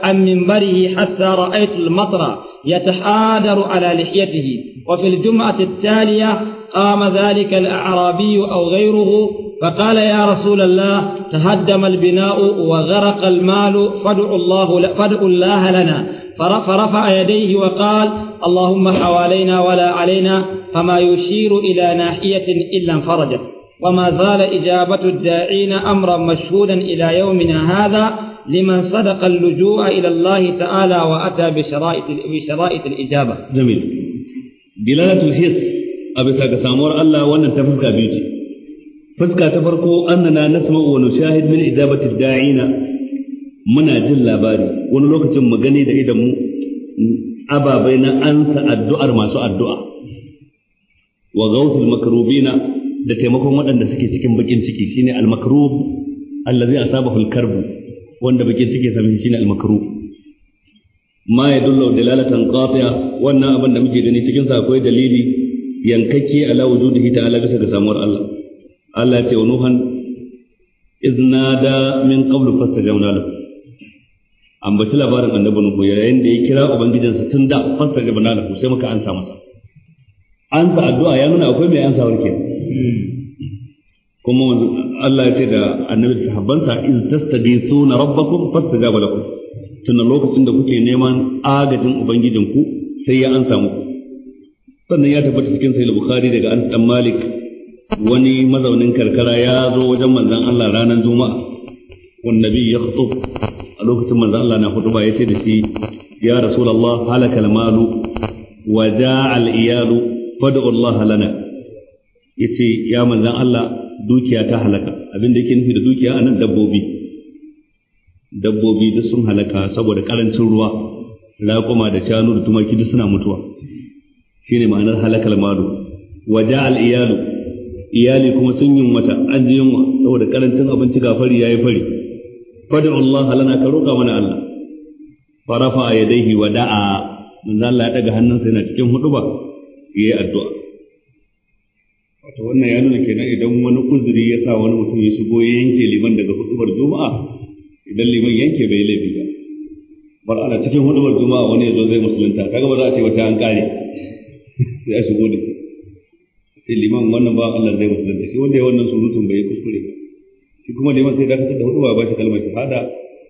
عن منبره حتى رأيت المطر يتحادر على لحيته وفي الجمعة التالية قام ذلك الأعرابي أو غيره فقال يا رسول الله تهدم البناء وغرق المال فادع الله فادع الله لنا فرفع يديه وقال اللهم حوالينا ولا علينا فما يشير إلى ناحية إلا انفرجت وما زال إجابة الداعين أمرا مشهودا إلى يومنا هذا لمن صدق اللجوء إلى الله تعالى وأتى بشرائط, بشرائط الإجابة جميل بلالة الحس أبسا سامور الله وأن تفسك بيجي فسك تفرقوا أننا نسمع ونشاهد من إجابة الداعين منا جل باري ونلوك جمع غني gani da أبا ababai أنت ansa ما masu addu'a wa gawfil makrubina da taimakon waɗanda suke cikin bakin ciki shine al makrub allazi asabahu al karb wanda bakin ciki sami shine al makrub ma yadullu dalalatan qati'a wannan abin da muke gani cikin sa akwai dalili yankakke ala wujudihi ta'ala bisa ga samuwar Allah Allah ya ce wa nuhan iznada min qablu fastajabna lahu ambaci labarin annabi nuhu yayin da ya kira ubangijinsa tun da fasta ga bana lahu sai muka ansa masa ansa addu'a ya nuna akwai mai ansa warke kuma Allah ya ce da annabi da sahabbansa iz tastaghisuna rabbakum fastajaba lakum tun lokacin da kuke neman agajin ubangijinku sai ya ansa muku sannan ya tabbata cikin sahih bukhari daga an dan malik wani mazaunin karkara ya zo wajen manzon Allah ranar juma'a Wannan wannabi ya khutub a lokacin manzon Allah na hutuba ya ce da shi ya rasulullah halakal malu wa ja'al iyalu fad'u Allah lana yace ya manzan Allah dukiya ta halaka abin da yake nufi da dukiya anan dabbobi dabbobi duk sun halaka saboda karancin ruwa raƙuma da canu da tumaki duk suna mutuwa shine ma'anar halakal malu Waje al'iyalu. iyalu iyali kuma sun yin wata an ji yunwa saboda karancin abinci ga fari yayi fari fad'u Allah halana ka roƙa mana Allah farafa yadaihi wa da'a manzan Allah ya daga hannunsa yana cikin huduba yi addu'a wato wannan ya nuna kenan idan wani kuzuri ya sa wani mutum ya shigo ya yanke liman daga hudubar juma'a idan liman yanke bai laifi ba bar ana cikin hudubar juma'a wani ya zo zai musulunta kaga ba za a ce ba sai an kare sai a shigo da shi sai liman wannan ba Allah zai musulunta shi wanda ya wannan surutun bai kuskure ba shi kuma liman sai dakatar da hudubar ba shi kalmar shahada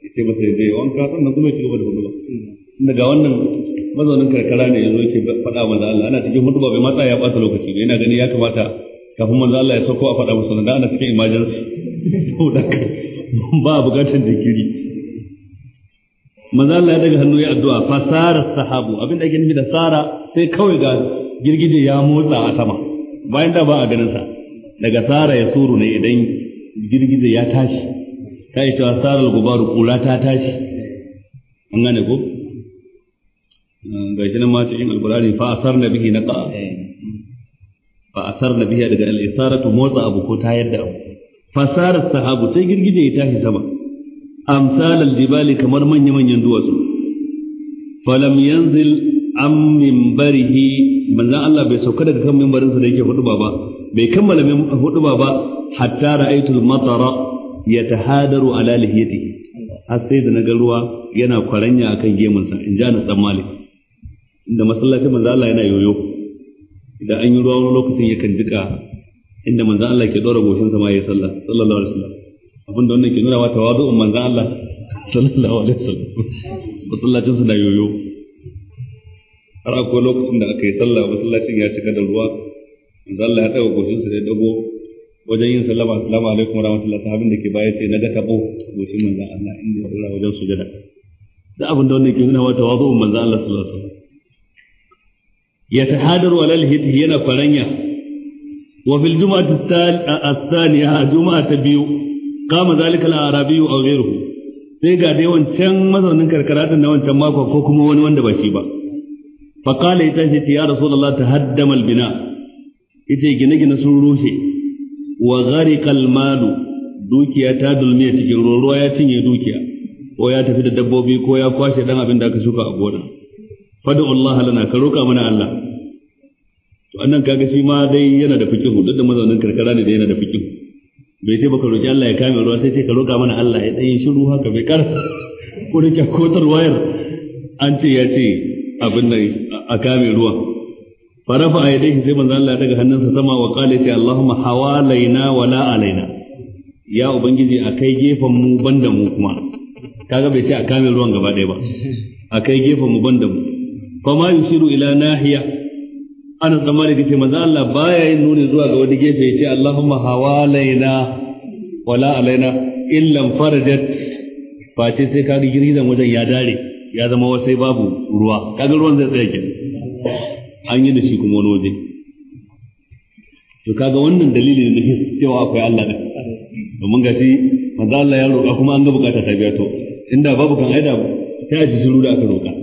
ya ce masa ya je wanka sannan kuma ya ci gaba da hudubar. inda ga wannan mazaunin karkara ne yazo yake faɗa manzo Allah ana cikin hutuba bai matsa ya ɓata lokaci ba yana gani ya kamata kafin manzo Allah ya sauko a faɗa musu da ana cikin imajin to da ba bukatar jinkiri manzo Allah ya daga hannu ya addu'a sara sahabu abinda yake nufi da sara sai kawai ga girgije ya motsa a sama bayan da ba a ganin sa daga sara ya suru ne idan girgije ya tashi ta yi cewa sarar gubaru kula ta tashi an gane ko Mm, ga nan ma cikin alkurani fa asar na bihi na ka'a eh. fa asar na bihi daga al'isaratu motsa abu ko ta yadda abu fasarar sahabu sai girgije ya tashi sama amsal aljibali kamar manya manyan duwatsu falam yanzil am minbarihi manzon Allah bai sauka daga kan minbarin sa da yake hudu ba bai kammala hudu ba hatta ra'aytul matara yatahadaru ala lihiyatihi har sai da ga ruwa yana kwaranya akan gemunsa in ja na tsammali inda masallacin manzo Allah yana yoyo idan an yi ruwa wani lokacin yakan jika inda manzo Allah ke dora goshin sama yayin sallah sallallahu alaihi wasallam abin da wannan ke nuna wa tawadu'un manzo Allah sallallahu alaihi wasallam masallacin sa da yoyo har akwai lokacin da aka yi sallah masallacin ya cika da ruwa manzo Allah ya tsaya goshin sa da dago wajen yin sallama assalamu alaikum wa rahmatullahi sahabin da ke baya ce na ga tabo goshin manzo Allah inda ya dora wajen sujada da abin da wannan ke nuna wa tawadu'un manzo Allah sallallahu alaihi wasallam يتحادر على الهته ينا فرنيا وفي الجمعة الثانية جمعة بيو قام ذلك الأعرابي أو غيره sai ga dai wancan mazaunin karkara na wancan mako ko kuma wani wanda ba shi ba fa qala ya tashi ya rasulullah tahaddama bina ita gine-gine sun rushe wa gharqa almalu dukiya ta dulmiya cikin ruwa ya cinye dukiya ko ya tafi da dabbobi ko ya kwashe dan abin da aka shuka a gona fadu Allah lana ka roka mana Allah to annan kaga shi ma dai yana da fikihu duk da mazaunin karkara ne da yana da fikihu bai ce baka roki Allah ya kame ruwa sai ce ka roka mana Allah ya dan shiru haka bai karasa ko da kotar wayar an ce ya ce abin nan a kame ruwa farafa a yadda sai manzo Allah ya daga hannunsa sama wa qala ce Allahumma hawalaina wala alaina ya ubangiji a kai gefen mu banda mu kuma kaga bai ce a kame ruwan gaba ɗaya ba a kai gefen mu banda mu fa ma yushiru ila nahiya ana zama kace manzo Allah baya yin nuni zuwa ga wani gefe yace Allahumma hawalaina wala alaina illam farajat face sai ka ga girgizan wajen ya dare ya zama wasai babu ruwa kaga ruwan zai tsaya ke. an yi da shi kuma wani waje to kaga wannan dalili ne da cewa akwai Allah ne domin gashi manzo Allah ya roka, kuma an ga bukata ta biya to inda babu kan aida sai a ji shiru da aka roka?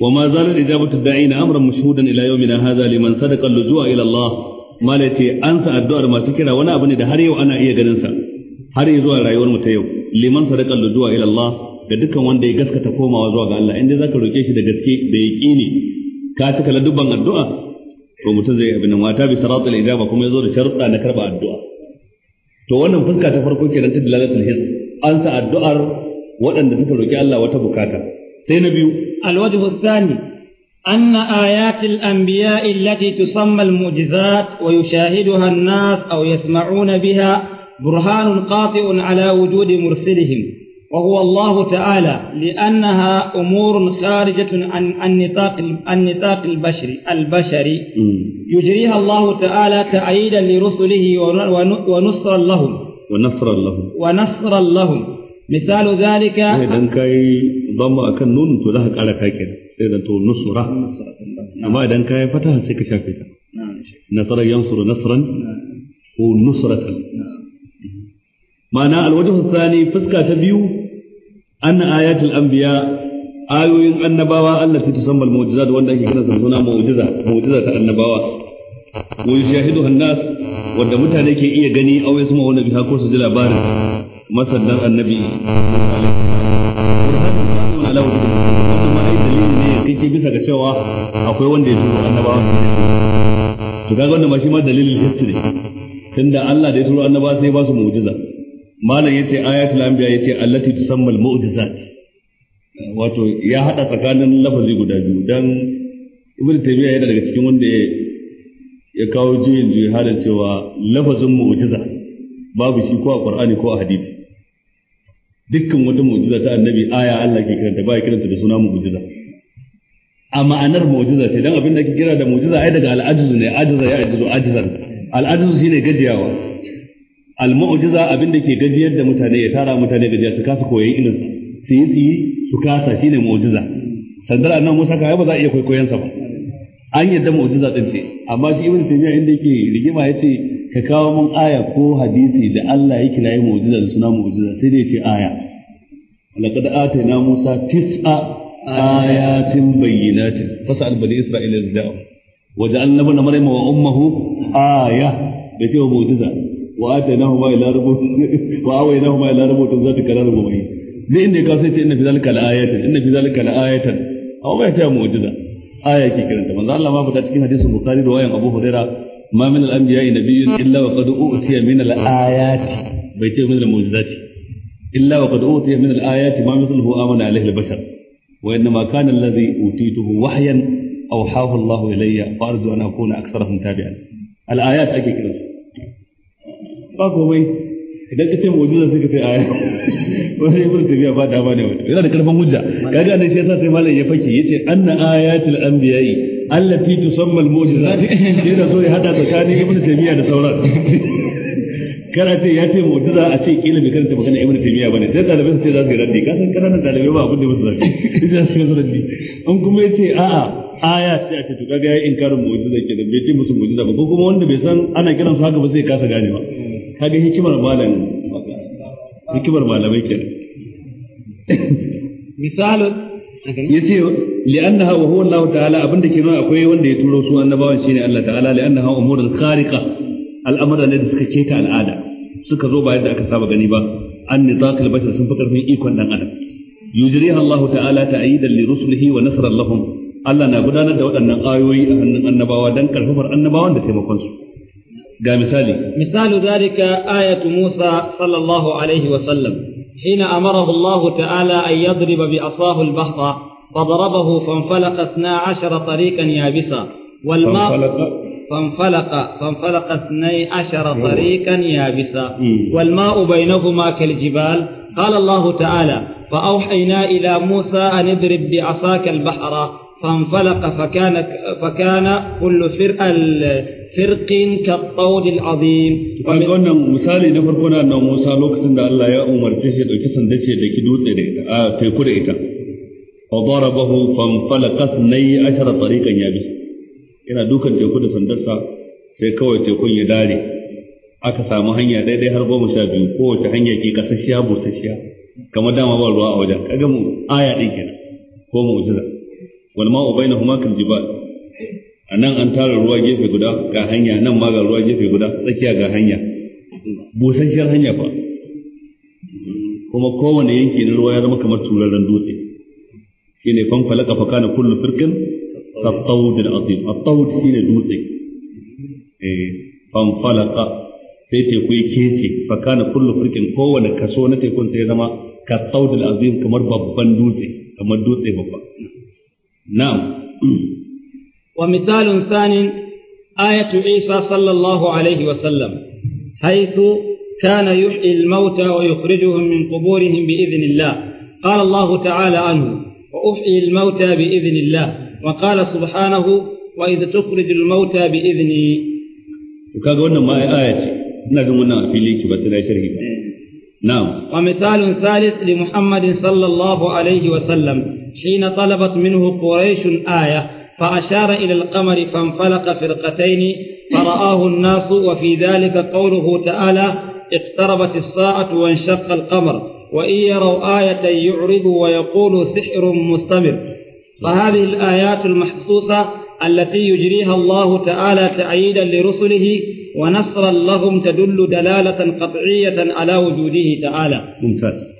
وما زالت إجابة الداعين أمرا da إلى يومنا هذا لمن صدق اللجوء إلى الله ما لتي أنسى الدعاء ما تكرا وأنا أبني دهري وأنا إيه جننسى هري زوى رايور متيو لمن صدق اللجوء إلى الله ga dukkan wanda ya gaskata komawa zuwa ga Allah inda zaka roke shi da gaske da yaqini ka cika ladubban addu'a to mutum zai abin mata bi siratul ijaba kuma yazo da sharuɗa na karba addu'a to wannan fuska ta farko kenan ta dilalatul his an sa addu'ar waɗanda suka roki Allah wata bukata sai na biyu الوجه الثاني أن آيات الأنبياء التي تسمى المعجزات ويشاهدها الناس أو يسمعون بها برهان قاطع على وجود مرسلهم وهو الله تعالى لأنها أمور خارجة عن النطاق النطاق البشري البشري يجريها الله تعالى تأييدا لرسله ونصرا لهم ونصرا لهم ونصرا لهم misalu zalika idan za ka kara takin da to nusra amma idan kai fataha sai ka shafe ta nasara ma'ana alwajhu thani fuska ta biyu anna ayatul anbiya ayoyin annabawa Allah allati tusammal mu'jizat wanda ake kiransa suna mu'jiza ta annabawa wa yushahiduha an-nas wanda mutane ke iya gani aure yasma wani biha ko su ji labarin masallan annabi kake bisa ga cewa akwai wanda ya turo annabawa to kaga wanda ma shi ma dalilin history tunda Allah da ya turo annabawa sai ba su mu'jiza malam yace ayatul anbiya yace allati tusammal mu'jizat wato ya hada tsakanin lafazi guda biyu dan ibnu taymiya yana daga cikin wanda ya kawo juyin juyin halin cewa lafazin mu'jiza babu shi ko a qur'ani ko a hadisi dukkan wata mu'jiza ta annabi aya Allah ke kiranta ba ya kiranta da suna mu'jiza a ma'anar mu'jiza sai dan abin da ake kira da mu'jiza ai daga al'ajizu ne ajiza ya ajizu ajizan al'ajizu shine gajiyawa al-mu'jiza abin da ke gajiyar da mutane ya tara mutane gajiya su kasa koyon irin su yi tsiyi su kasa shine mu'jiza sandar annabi Musa kai ba za a iya kwaikwayon sa ba an yadda mu'jiza din ce amma shi ibn taymiya inda yake rigima yace ka kawo mun aya ko hadisi da Allah yake na yi mu'jiza da suna mu'jiza sai dai ce aya laqad atayna musa tis'a ayatin bayyinatin fas'al bani isra'ila da'u ja'alna bana maryama wa ummuhu aya da ce mu'jiza wa atainahuma ila rabbihim wa awaynahuma ila rabbihim zati karar gumai dai inda ka sai ce inna fi zalika la'ayatan inna fi zalika la'ayatan aw ba ce mu'jiza aya ke kiranta manzo Allah ma fita cikin hadisin bukhari da wayan abu hurairah ma min al-anbiya nabiyyun illa wa qad utiya min al-ayati bai ce min al-mu'jizati illa wa qad utiya min al-ayati ma mithluhu amana alayhi al-bashar wa innama kana alladhi utituhu wahyan awhahu Allah ilayya fa arju an ake ba komai idan ka ce mu'jiza sai ka ce aya wani ya ibn tabiya ba dama ne wata yana da karfin hujja kaga ne shi yasa sai malam ya fake yace anna ayatul anbiya'i allati tusamma al mu'jizat da so ya hada tsakanin ibnu tabiya da sauran kana ce ya ce mu'jiza a ce kila bai karanta magana ibnu taymiya bane sai dalibai sai za su yi raddi ka san kananan dalibai ba abin da musu zafi sai su yi raddi an kuma yace ce a'a aya sai a ce to kaga ya inkarin mu'jiza kenan bai ce musu mu'jiza ba ko kuma wanda bai san ana kiran su haka ba zai kasa gane ba Ka kaga hikimar malam hikimar malamai kenan ya ce li'annaha wa huwa Allah ta'ala abinda ke nuna akwai wanda ya turo su annabawan shine Allah ta'ala li'annaha umurun khariqa al'amara ne da suka keta al'ada suka zo ba yadda aka saba gani ba an nitaqil bashar sun fi karfin ikon dan adam yujriha Allah ta'ala ta'idan li rusulihi wa nasran lahum Allah na gudanar da waɗannan ayoyi a hannun annabawa don karfafar annabawan da taimakon su جاء مثالي مثال ذلك آية موسى صلى الله عليه وسلم حين أمره الله تعالى أن يضرب بأصاه البحر فضربه فانفلق اثنا عشر طريقا يابسا والماء فانفلق فانفلق فانفلق اثني عشر طريقا يابسا والماء بينهما كالجبال قال الله تعالى فأوحينا إلى موسى أن اضرب بعصاك البحر فانفلق فكان فكان كل فرقة firqin ka qawlil azim kaga wannan misali na farko na annabi Musa lokacin da Allah ya umarce shi dauki sanda ce da ki dutse da ita a teku da ita fa darabahu fanfalaqat nay ashara tariqan yabis Ina dukan teku da sandarsa sai kawai tekun ya dare aka samu hanya daidai har goma sha biyu kowace hanya ke kasashiya busashiya kamar dama ba ruwa a wajen kaga mu aya din kenan ko mu'jiza wal ma'u bainahuma kal jibal a nan an tara ruwa gefe guda ga hanya nan ma ga ruwa gefe guda tsakiya ga hanya busasshiyar hanya fa kuma kowane yanki na ruwa ya zama kamar turaren dutse shine ne falaka fa kana kullu firkin qattawd al-azim at-tawd shine dutse eh fan sai teku yi kece fa kana kullu firkin kowane kaso na tekun sai zama qattawd al-azim kamar babban dutse kamar dutse babba na'am ومثال ثاني آية عيسى صلى الله عليه وسلم حيث كان يحيي الموتى ويخرجهم من قبورهم بإذن الله قال الله تعالى عنه وأحيي الموتى بإذن الله وقال سبحانه وإذ تخرج الموتى بإذني kaga wannan ma aya ce ina jin wannan a fili ki ba sai na sharhi ba na'am wa misalun thalith li muhammadin sallallahu alaihi wa sallam حين طلبت منه قريش آية فأشار إلى القمر فانفلق فرقتين فرآه الناس وفي ذلك قوله تعالى اقتربت الساعة وانشق القمر وإن يروا آية يعرض ويقول سحر مستمر فهذه الآيات المحسوسة التي يجريها الله تعالى تعييدا لرسله ونصرا لهم تدل دلالة قطعية على وجوده تعالى ممتاز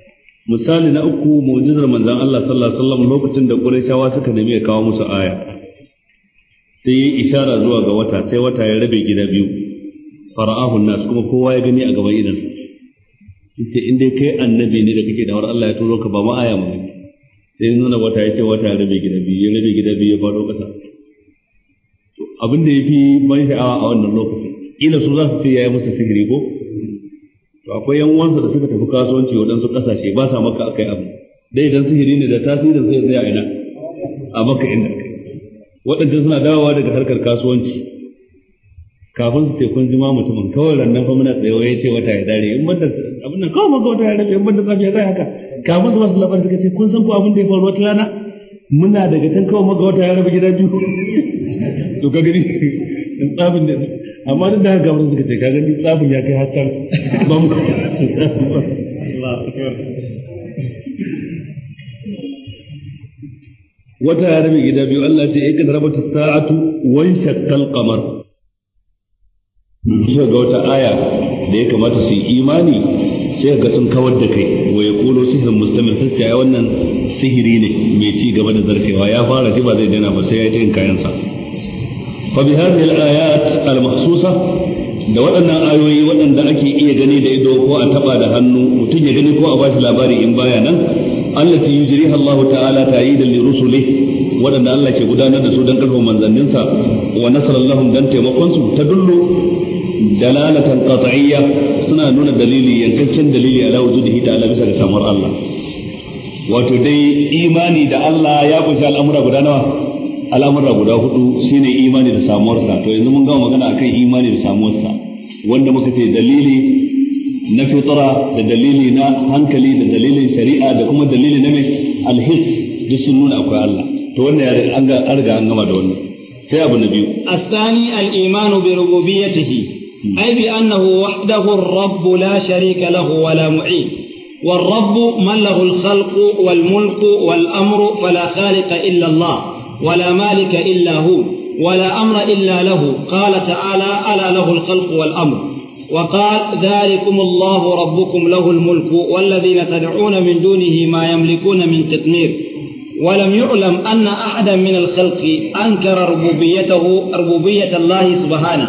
misali na uku mu'jizar الله صلى الله عليه وسلم لو كنت Qurayshawa suka nemi ya آية sai ya ishara zuwa ga wata sai wata ya rabe gida biyu fara'ahun nasu kuma kowa ya gani a gaban idansa Su in dai kai annabi ne da kake dawar Allah ya turo ka ba ma aya mu sai ya nuna wata ya ce wata ya rabe gida biyu ya rabe gida biyu ya faɗo ƙasa to abin da fi ban sha'awa a wannan lokacin ila su za su ce yi musu sihiri ko to akwai yan uwansa da suka tafi kasuwanci waɗansu ƙasashe ba sa maka akai abu dai idan sihiri ne da tasirin zai tsaya ina a maka inda waɗanda suna dawowa daga harkar kasuwanci kafin su ce kun jima mutumin kawai rannan fa muna tsaye ya ce wata ya dare in banda abin nan kawai maka wata ya rabe in banda safiya zai haka kafin su basu labarin suka ce kun san ko abin da ya faru wata rana muna daga can kawai maka wata ya rabe gida biyu to ka gani tsafin da amma duk da haka kafin suka ce ka gani tsafin ya kai hakan ba mu wata ya rabe gida biyu Allah ce yake eh, ta sa'atu wan shaqqal qamar bisa ga wata aya da ya kamata su imani sai ga sun kawar da kai wa yaqulu sihrun mustamir sai ya wannan sihiri ne mai ci gaba da zarfewa ya fara shi ba zai daina ba sai ya ji kayansa fa bi hadhihi al-ayat al-mahsusa da waɗannan ayoyi waɗanda ake iya gani da ido ko a taba da hannu mutum ya gani ko a bashi labari in baya nan allati yujriha Allah ta'ala ta'idan li rusulih wadanda Allah ke gudanar da su dan karfin manzanninsa wa nasrallahum dan taimakon su ta tadullu dalalatan qat'iyya suna nuna dalili yankakken dalili ala wujudihi ta'ala bisa ga samar Allah wato dai imani da Allah ya kusa al'amura guda nawa al'amura guda hudu shine imani da samuwarsa to yanzu mun gama magana akan imani da samuwarsa wanda muka ce dalili na fitara da dalili na hankali da dalilin shari'a da kuma dalili na mai alhis duk sun nuna akwai Allah to wannan an ga an riga an gama da wannan sai abu na biyu asani al-imanu bi rububiyyatihi hmm. ay bi annahu wahdahu ar-rabb la sharika lahu wa la mu'in والرب من له الخلق والملك والأمر فلا خالق إلا الله ولا مالك إلا هو ولا أمر إلا له قال تعالى ألا له الخلق والأمر وقال ذلكم الله ربكم له الملك والذين تدعون من دونه ما يملكون من تطمير ولم يعلم أن أحدا من الخلق أنكر ربوبيته ربوبية الله سبحانه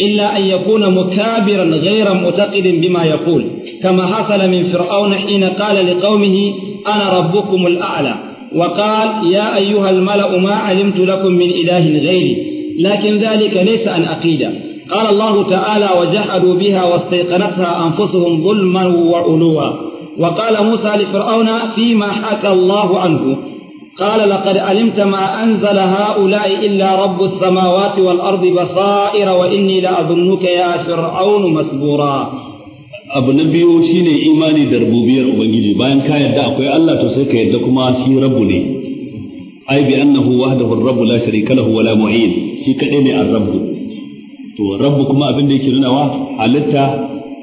إلا أن يكون مكابرا غير معتقد بما يقول كما حصل من فرعون حين قال لقومه أنا ربكم الأعلى وقال يا أيها الملأ ما علمت لكم من إله غيري لكن ذلك ليس أن أقيده قال الله تعالى وجحدوا بها واستيقنتها أنفسهم ظلما وعلوا وقال موسى لفرعون فيما حكى الله عنه قال لقد علمت ما أنزل هؤلاء إلا رب السماوات والأرض بصائر وإني لأظنك يا فرعون مسبورا abu na biyu shine imani da rububiyar ubangiji bayan ka yadda akwai Allah to sai ka yarda kuma shi rabu ne ai bi annahu wahdahu ar la sharika lahu wa mu'in shi kadai ne ar-rabb to rabbu kuma abin da yake nunawa halitta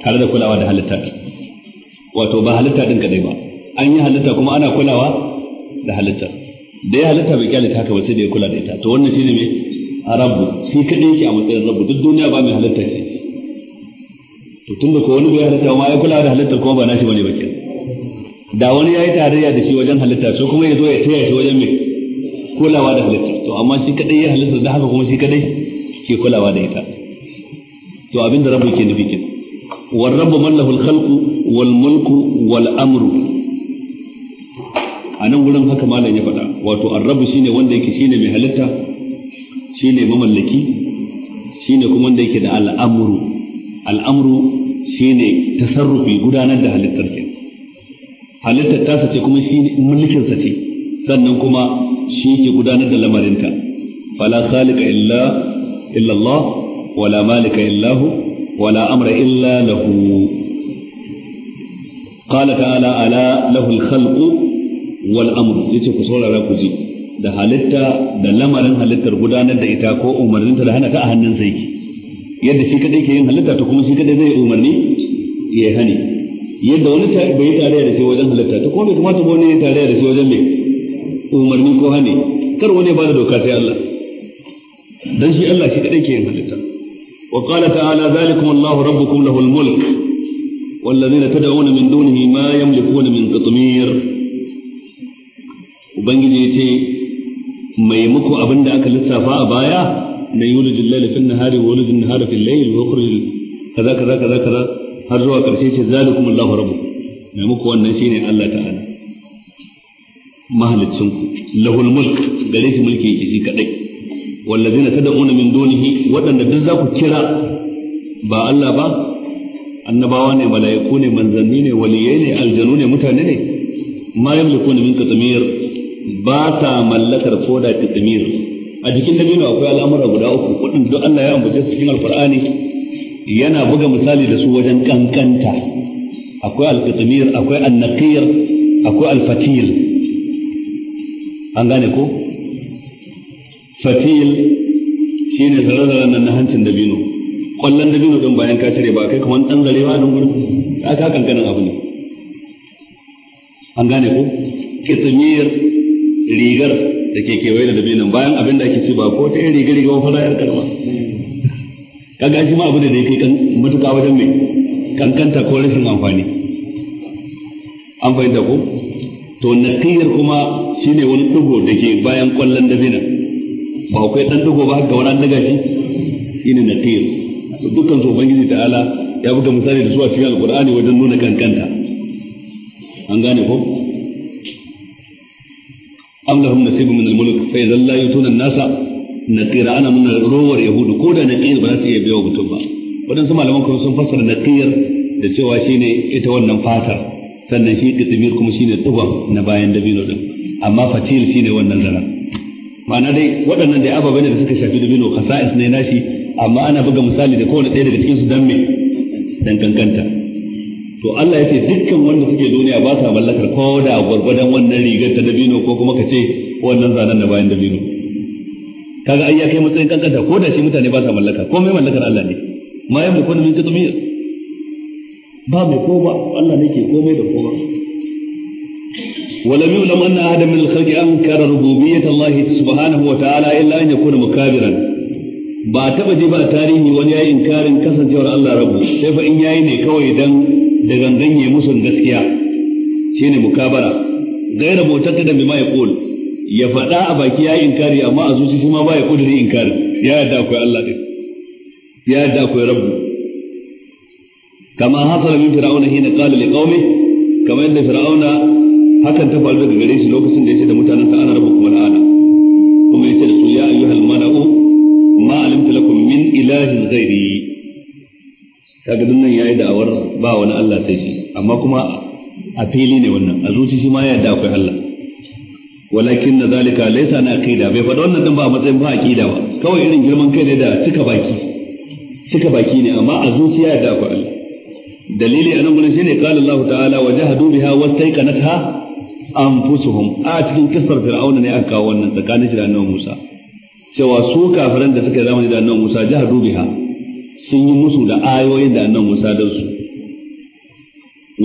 tare da kulawa da halitta wato ba halitta din kadai ba an yi halitta kuma ana kulawa da halitta da ya halitta bai kyale haka ba sai da ya kula da ita to wannan shine me rabbu shi kadai yake a matsayin rabbu duk duniya ba mai halitta shi to tunda ko wani bai halitta ma ya kula da halitta kuma ba nashi bane ba kenan da wani yayi tarayya da shi wajen halitta so kuma ya zo ya tsaya shi wajen me kulawa da halitta to amma shi kadai ya halitta da haka kuma shi kadai ke kulawa da ita to abinda rabbu ke nufi kin war rabbu man lahu al-khalqu wal mulku wal amru anan wurin haka malam ya faɗa wato ar-rabbu shine wanda yake shine mai halitta shine mamallaki shine kuma wanda yake da al-amru al-amru shine tasarrufi gudanar da halittar ke halittar tasa ce kuma shine mulkin sa ce sannan kuma shi ke gudanar da lamarinta fala khaliqa illa illallah. ولا مالك إلا هو ولا أمر إلا له قال تعالى ألا له الخلق والأمر يتي كسولا لا كجي da halitta da lamarin halittar gudanar da ita ko umarninta da hana ta a hannun sai yadda shi kadai ke yin halitta ta kuma shi kadai zai umarni ya hani yadda wani bai yi tarayya da shi wajen halitta ta kuma kuma kamata wani ya tarayya da shi wajen mai umarni ko hani kar wani ba da doka sai Allah dan shi Allah shi kadai ke yin halitta وقال تعالى ذلكم الله ربكم له الملك والذين تدعون من دونه ما يملكون من قطمير aka lissafa a baya na yulijin lalifin nahari wa yulijin nahari ta'ala mulk wallazina tad'una min dunihi waɗanda duk za ku kira ba Allah ba annabawa ne mala'iku ne manzanni ne waliyai ne aljanu ne mutane ne ma yamlikuna min qatmir ba sa mallakar koda qatmir a cikin dabino akwai al'amura guda uku kudin duk Allah ya ambace su cikin alqur'ani yana buga misali da su wajen kankanta akwai alqatmir akwai annaqir akwai alfatil an gane ko fatil shi ne zarazara nan na hancin dabino kwallon dabino din bayan ka cire ba kai kuma dan zare ba nan gudu aka kankanin abu ne an gane ko kitsimiyar rigar da ke kewaye da dabinon bayan abin da ake ci ba ko ta yin rigar rigar fara yar karma kaga shi ma abu da ya kai kan matuka wajen mai kankanta ko rashin amfani an fahimta ko to nakiyar kuma shine wani dugo da ke bayan kwallon dabinon ba kai dan dugo ba ga wani daga shi shine natir dukkan su ubangiji ta'ala ya buga misali da su a cikin alqur'ani wajen nuna kankanta an gane ko am lahum nasibun min al-mulk fa idza la yutuna an-nasa nakira ana mun rawar yahudu ko da nakir ba za su iya biyo mutum ba waɗansu malaman kuma sun fassara nakir da cewa shine ita wannan fatar sannan shi kitabir kuma shine tuban na bayan dabino din amma fatil shine wannan zara ma'ana dai waɗannan da ababen ne da suka shafi dabino khasa'is ne nashi amma ana buga misali da kowane ɗaya daga cikin su dan me dan kankanta to Allah ya ce dukkan wanda suke duniya ba sa mallakar ko da gwargwadon wannan rigar ta dabino ko kuma ka ce wannan zanen na bayan dabino kaga ai ya kai matsayin kankanta ko da shi mutane ba sa mallaka ko mai mallakar Allah ne ma yamliku min qitmir ba mai ko ba Allah ne ke komai da komai ولم يعلم أن أحد من الخلق أنكر ربوبية الله سبحانه وتعالى إلا أن يكون مكابرا ba taɓa ji ba a tarihi wani yayi inkarin kasancewar Allah rabu sai fa in yayi ne kawai dan da gangan ya musu gaskiya shine mukabara gaira mutaka da bima ma ya Ya faɗa a baki yayi inkari amma a zuci shi ma ba ya kudiri inkari ya yarda akwai Allah din ya yarda akwai rabu kama hasala min fir'auna hina qala liqaumi kamar yadda fir'auna hakan ta faru daga gare shi lokacin da ya ce da mutanen sa ana rabu kuma ana kuma ya ce da su ya ayyuhal mala'u ma alimtu lakum min ilahin ghairi kaga dun nan yayi da'awar ba wani Allah sai shi amma kuma a fili ne wannan a zuci shi ma ya yarda akwai Allah walakin na zalika laysa na aqida bai faɗa wannan din ba a matsayin ba aqida ba kawai irin girman kai ne da cika baki cika baki ne amma a zuciya ya yarda akwai Allah dalili anan gurin shine qala Allah ta'ala wa jahadu biha wastaiqanatha anfusuhum a cikin kisar fir'auna ne aka kawo wannan tsakanin shi da annabi Musa cewa su kafiran da suka yi zamani da annabi Musa jahadu biha sun yi musu da ayoyin da annabi Musa da su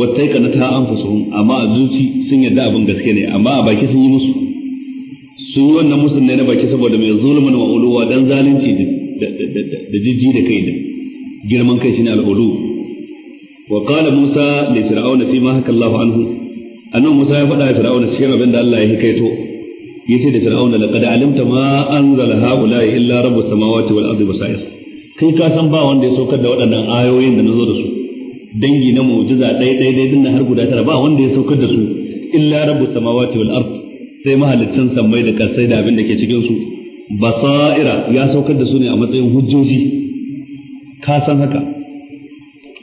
wataika kana ta anfusuhum amma a zuci sun yarda abin gaske ne amma a baki sun yi musu su wannan musun ne na baki saboda mai zulmun wa uluwa dan zalunci da jijji da kai da girman kai shine al'ulu wa qala musa li fir'auna fi ma haka Allahu anhu annan Musa ya faɗa Fir'auna cikin abin da Allah ya hikaito ce da Fir'auna laqad alimta ma anzala haula illa rabbus samawati wal ardi basair kai ka san ba wanda ya saukar da waɗannan ayoyin da nazo da su dangi na mu'jiza ɗaya ɗaya ɗaya din har guda tara ba wanda ya saukar da su illa rabbus samawati wal ardi sai mahalicin sammai da kasai da abin da ke cikin su basaira ya saukar da su ne a matsayin hujjoji ka san haka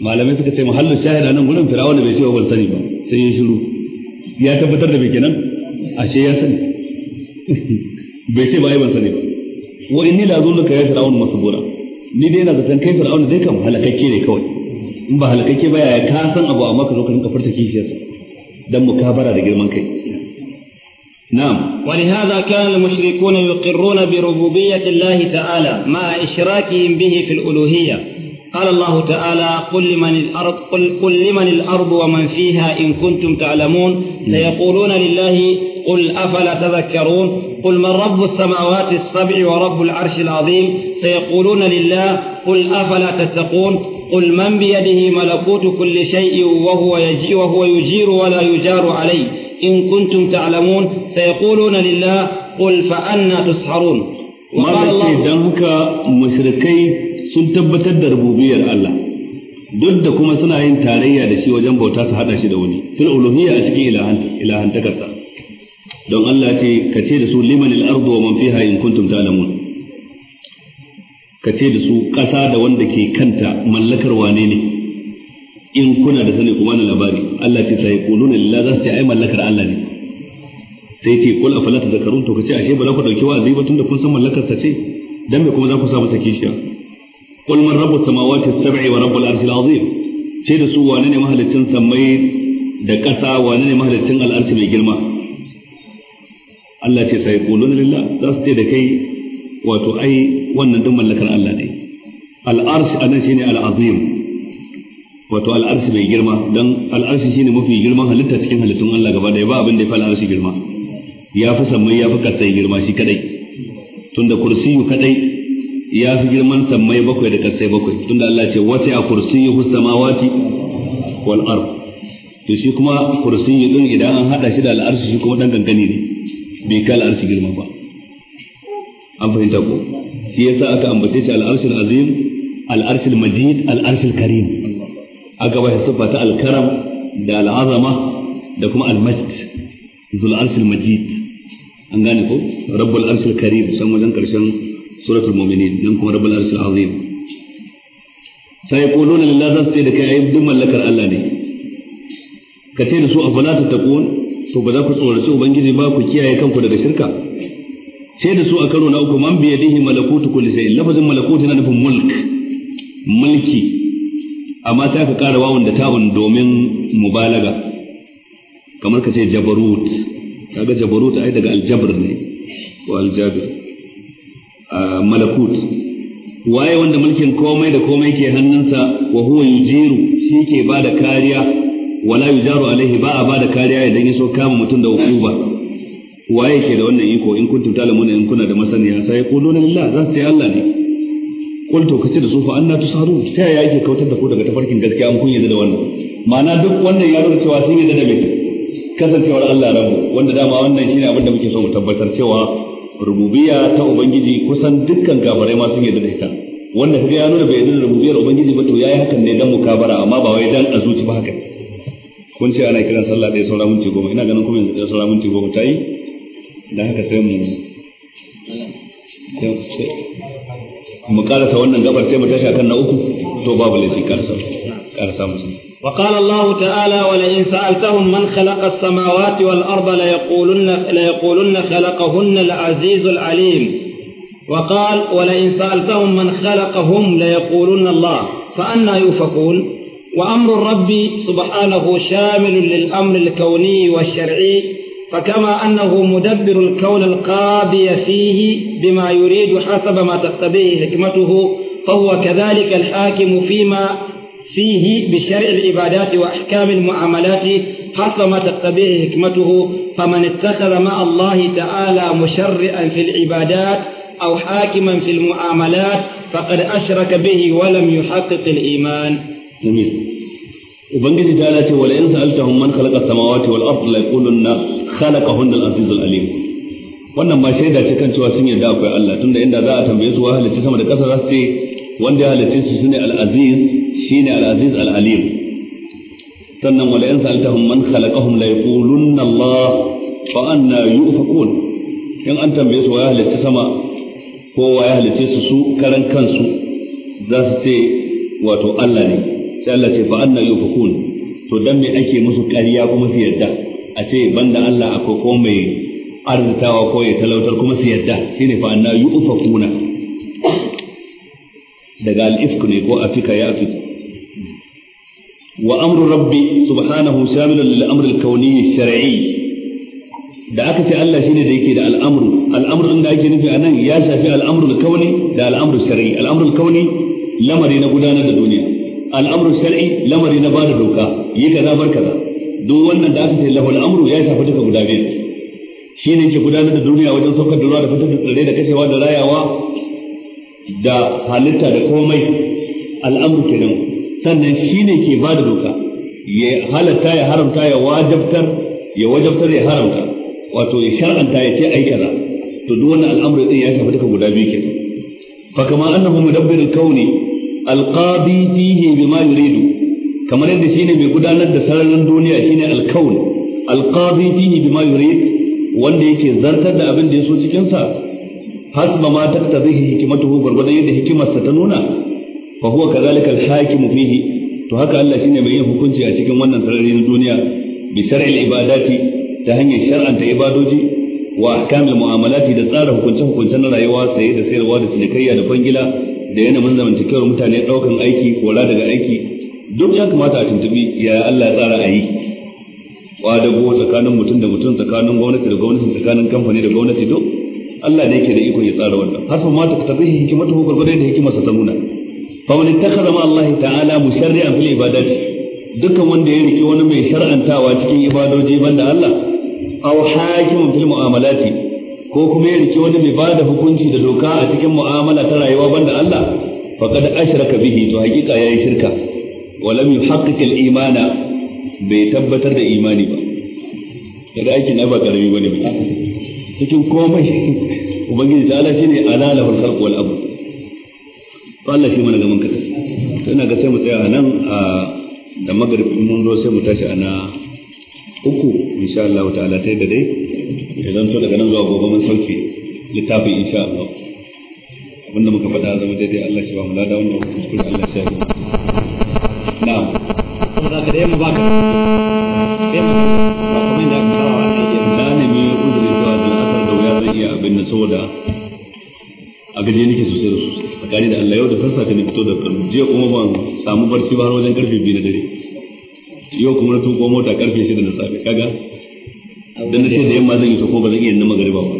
malamai suka ce muhallin shahida nan gurin fir'auna bai ce wa ban sani ba sai ya shiru ya tabbatar da bai nan ashe ya sani bai ce ba ban sani ba wa inni la zunnuka ya fir'aun masbura ni dai ina zaton kai fir'aun dai kam halakakke ne kawai in ba halakakke ba ya ka san abu amma ka zo ka rinka furta kishiyarsa dan mukabara da girman kai نعم ولهذا كان المشركون يقرون بربوبية الله تعالى مع إشراكهم به في الألوهية قال الله تعالى قل لمن الأرض قل, قل لمن الأرض ومن فيها إن كنتم تعلمون سيقولون لله قل أفلا تذكرون قل من رب السماوات السبع ورب العرش العظيم سيقولون لله قل أفلا تتقون قل من بيده ملكوت كل شيء وهو يجي وهو يجير ولا يجار عليه إن كنتم تعلمون سيقولون لله قل فأنا تسحرون وقال الله مشركي sun tabbatar da rububiyar Allah duk da kuma suna yin tarayya da shi wajen bauta su hada shi da wani fil uluhiyya a cikin ilahantakarsa don Allah ce ka ce da su limanil ardu wa man fiha in kuntum ta'lamun ka ce da su ƙasa da wanda ke kanta mallakar wane ne in kuna da sani kuma na labari Allah ce sai quluna lillahi za su ce ai mallakar Allah ne sai ce kul afala tazakkarun to ka ce ashe ba za ku dauki wa'azi ba tunda kun san mallakar ta ce dan me kuma za ku sa masa kishiya qul man rabbus samawati as-sab'i wa rabbul arshil azim ce da su wane ne mahalicin sammai da ƙasa wane ne mahalicin al'arshi mai girma Allah ce sai quluna lillah za su da kai wato ai wannan duk mallakar Allah ne al'arshi shine wato al'arshi mai girma dan al'arshi shine mafi girman halitta cikin halittun Allah gaba ɗaya ba abin da ya fi al'arshi girma ya fi sammai ya fi girma shi kadai tunda kursiyu kadai ya fi girman sammai bakwai da ƙasai bakwai tunda Allah ce wasi a kursiyyuhu samawati wal ard to shi kuma kursiyyu din idan an hada shi da al'arsu shi kuma ɗan gangane ne bai kai al'arsu girma ba an fahimta ko shi ya sa aka ambace shi al'arshi azim al'arshi majid al'arshi karim aka ba shi siffa ta al-karam da al'azama da kuma al majid zul arshi majid an gane ko rabbul arshi karim san wajen karshen suratul mu'minin nan kuma rabbul arshil azim sai yaquluna lillahi zasu ce da kai ayyub duk mallakar Allah ne ka ce da su afala ta taqun to ba za ku tsorace ubangiji ba ku kiyaye kanku daga shirka ce da su a karo na uku man biyadihi malakutu kulli shay lafazin malakutu na nufin mulk mulki amma sai ka kara wawan da ta'un domin mubalaga kamar ka ce jabarut kaga jabarut ai daga aljabr ne ko aljabir malakut waye wanda mulkin komai da komai ke hannunsa wa huwa yujiru shi ke ba da kariya wala yujaru alaihi ba a ba da kariya idan ya so kama mutum da hukuma waye ke da wannan iko in kuntum talamuna in kuna da masaniya sai yaquluna lillah za su ce Allah ne qul to kace da su fa anna tusaru ta yaya yake kautar da ku daga tafarkin gaskiya an kun da wannan ma'ana duk wannan ya nuna cewa sun yarda da kasancewar Allah rabu wanda dama wannan shine abin da muke so mu tabbatar cewa Rububiya ta ubangiji kusan dukkan kafirai ma sun yarda da ita wanda kaga ya nuna bai yarda da Rububiyar ubangiji ba to yayi hakan ne dan mukabara amma ba wai dan azuci ba haka kun ce ana kiran sallah ɗaya saura minti goma ina ganin kuma yanzu ɗaya saura minti goma ta yi dan haka sai mu mu karasa wannan gabar sai mu tashi akan na uku to babu laifi karasa karasa musu وقال الله تعالى ولئن سألتهم من خلق السماوات والأرض ليقولن, ليقولن خلقهن العزيز العليم وقال ولئن سألتهم من خلقهم ليقولن الله فأنا يوفقون وأمر الرب سبحانه شامل للأمر الكوني والشرعي فكما أنه مدبر الكون القاضي فيه بما يريد حسب ما تقتضيه حكمته فهو كذلك الحاكم فيما فيه بشرع العبادات وأحكام المعاملات حسب ما تقتضيه حكمته فمن اتخذ مع الله تعالى مشرعا في العبادات أو حاكما في المعاملات فقد أشرك به ولم يحقق الإيمان جميل وبنجد دالته ولئن سألتهم من خلق السماوات والأرض ليقولن خلقهن العزيز الأليم wannan ma shaida ce kan cewa sun yarda akwai Allah tunda inda za a tambaye su wa halitta sama da ƙasa za su ce wanda ya halitta su shine al-aziz shine al-aziz al-alim sannan wala in sa'altahum man khalaqahum la yaqulunna Allah fa anna yufakun in an tambaye su wa halitta sama ko wa halitta su su karan kansu za su ce wato Allah ne sai Allah ce fa anna yufakun to dan me ake musu ƙarya kuma su yarda a ce banda Allah akwai ko mai arzitawa ko ya talautar kuma su yarda shine fa anna yufakuna daga al-ifk ne ko afika ya afika وأمر ربي سبحانه شامل للأمر الكوني الشرعي da aka ce Allah shine da yake da al'amru al'amru din da ake nufi a nan ya shafi al'amru kauni da al'amru shar'i al'amru kauni lamari na gudanar da duniya al'amru shar'i lamari na bada doka yi kaza bar kaza duk wannan da aka ce lahu al'amru ya shafi duka guda biyu shine yake gudanar da duniya wajen saukar da ruwa da fitar da tsirrai da kashewa da rayawa da halitta da komai al'amru kenan sannan shi ne ke ba da doka ya halatta ya haramta ya wajabtar ya wajabtar ya haramta wato ya shar'anta ya ce ai kaza to duk wannan al'amari din ya shafi duka guda biyu kenan fa kama annahu mudabbir al-kawni al fihi bima yuridu kamar yadda shine mai gudanar da sararin duniya shine al-kawn al-qadi fihi bima yurid wanda yake zartar da abin da ya so cikin sa hasba ma taktabihi hikmatuhu gurgudan yadda hikimarsa ta nuna fa huwa kadhalika al hakim fihi to haka Allah shine mai yin hukunci a cikin wannan sarari na duniya bi shar'il ibadati ta hanyar shar'anta ibadoji wa al mu'amalati da tsara hukuncin-hukuncin na rayuwa sai da sayarwa da cinikayya da fangila da yanayin zamantakewar mutane daukan aiki kora daga aiki duk ya kamata a tuntubi yaya Allah ya tsara a da kwadago tsakanin mutum da mutum tsakanin gwamnati da gwamnati tsakanin kamfani da gwamnati duk Allah ne yake da ikon ya tsara wannan hasan ma ta tafi hikimatu ko gurgurda da hikimarsa ta nuna fa man ittakhadha Allah ta'ala musharri'an fil ibadat dukkan wanda ya riki wani mai shar'antawa cikin ibadoji banda Allah aw hakimun ko kuma ya riki wani mai bada hukunci da doka a cikin mu'amala ta rayuwa banda Allah faqad ashraka bihi to hakika yayi shirka walam yuhaqqiq al imana bai tabbatar da imani ba kada aikin ba karami bane ba cikin komai ubangiji ta Allah shine alalahul khalq wal amr to Allah shi mana gaban kaɗai to ina ga sai mu tsaya nan a da magarib mun zo sai mu tashi ana uku insha Allah ta'ala tai da dai idan to daga nan zuwa gobe mun sauke littafin insha Allah abinda muka faɗa zama daidai Allah shi ba mu lada wannan kuskure Allah shi ya yi na'am kuma za ka da mu ba ka ba kuma da ka kawo a ya na nemi uzuri zuwa da asar da wuya zai iya abin da saboda a gaje nake sosai da sosai tsakani da Allah yau da sassafe na fito da karfi jiya kuma ban samu barci ba har wajen karfe biyu na dare yau kuma na tuko mota karfe shida na safe kaga dan na ce da yamma zan yi ta ko ba zan iya na magariba ba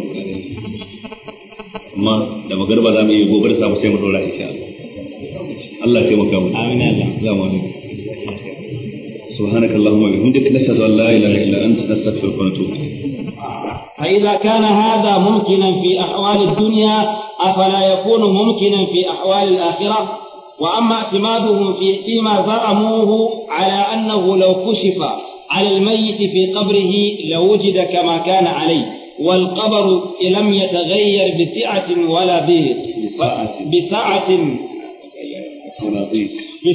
amma da magariba za mu iya gobe da safe sai mu dora insha Allah ya taimaka mu amin Allah assalamu alaikum سبحانك اللهم وبحمدك نشهد ان لا اله الا انت نستغفرك ونتوب اليك فاذا كان هذا ممكنا في احوال الدنيا أفلا يكون ممكنا في أحوال الآخرة وأما اعتمادهم في فيما زعموه على أنه لو كشف على الميت في قبره لوجد كما كان عليه والقبر لم يتغير بسعة ولا ضيق بسعة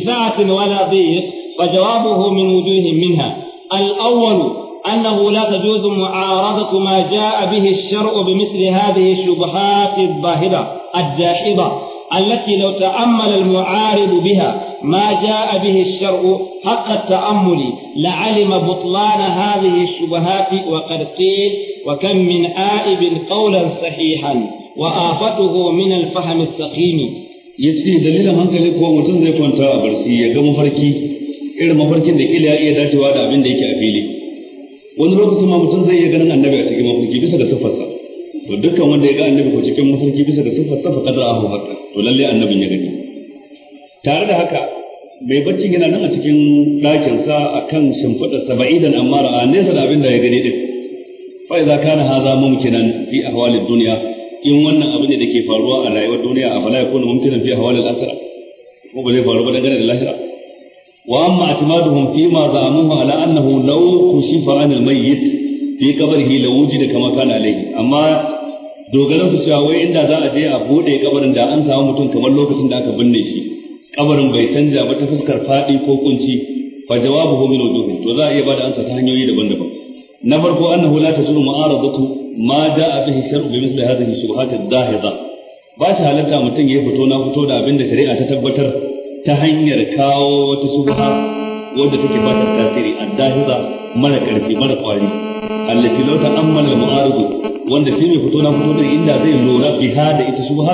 بسعة ولا ضيق فجوابه من وجوه منها الأول أنه لا تجوز معارضة ما جاء به الشرع بمثل هذه الشبهات الظاهرة الداحضة التي لو تأمل المعارض بها ما جاء به الشرع حق التأمل لعلم بطلان هذه الشبهات وقد قيل وكم من آئب قولا صحيحا وآفته من الفهم السقيم yace dalilin hankali kuwa mutum zai kwanta a barci ya ga mafarki irin mafarkin da kila ya iya dacewa da abin da yake a fili wani lokacin ma mutum zai iya ganin annabi a cikin mafarki bisa da siffarsa to dukkan wanda ya ga annabi ko cikin mafarki bisa da siffarsa fa kadara hu haka to lalle annabin ya gani tare da haka mai baccin yana nan a cikin ɗakinsa a kan shimfada saba'idan amma ra'a nesa da abin da ya gani din fa idza kana hadha mumkinan fi ahwalid dunya in wannan abin da ke faruwa a rayuwar duniya a fala yakunu mumkinan fi ahwalil akhirah ko ba zai faru ba dangane da lahira wa amma atmaduhum fi ma za'amuhu ala annahu law kushifa an almayyit fi qabrihi law wujida kama amma dogaran su cewa wai inda za a je a bude kabarin da an samu mutum kamar lokacin da aka binne shi kabarin bai canja ba ta fuskar fadi ko kunci fa jawabuhu min wujuhin to za a iya bada ansa ta hanyoyi daban-daban na farko annahu la tasuru ma'aradatu ma ja'a bihi shar'u bi misli hadhihi shubuhat ad-dahidah ba shi halatta mutum ya fito na fito da abin da shari'a ta tabbatar ta hanyar kawo wata subha wadda take ba ta tasiri addahiza mara karfi mara kwari allati law ta'ammala al-mu'aridu wanda shi mai fito na fito da inda zai lura biha da ita subha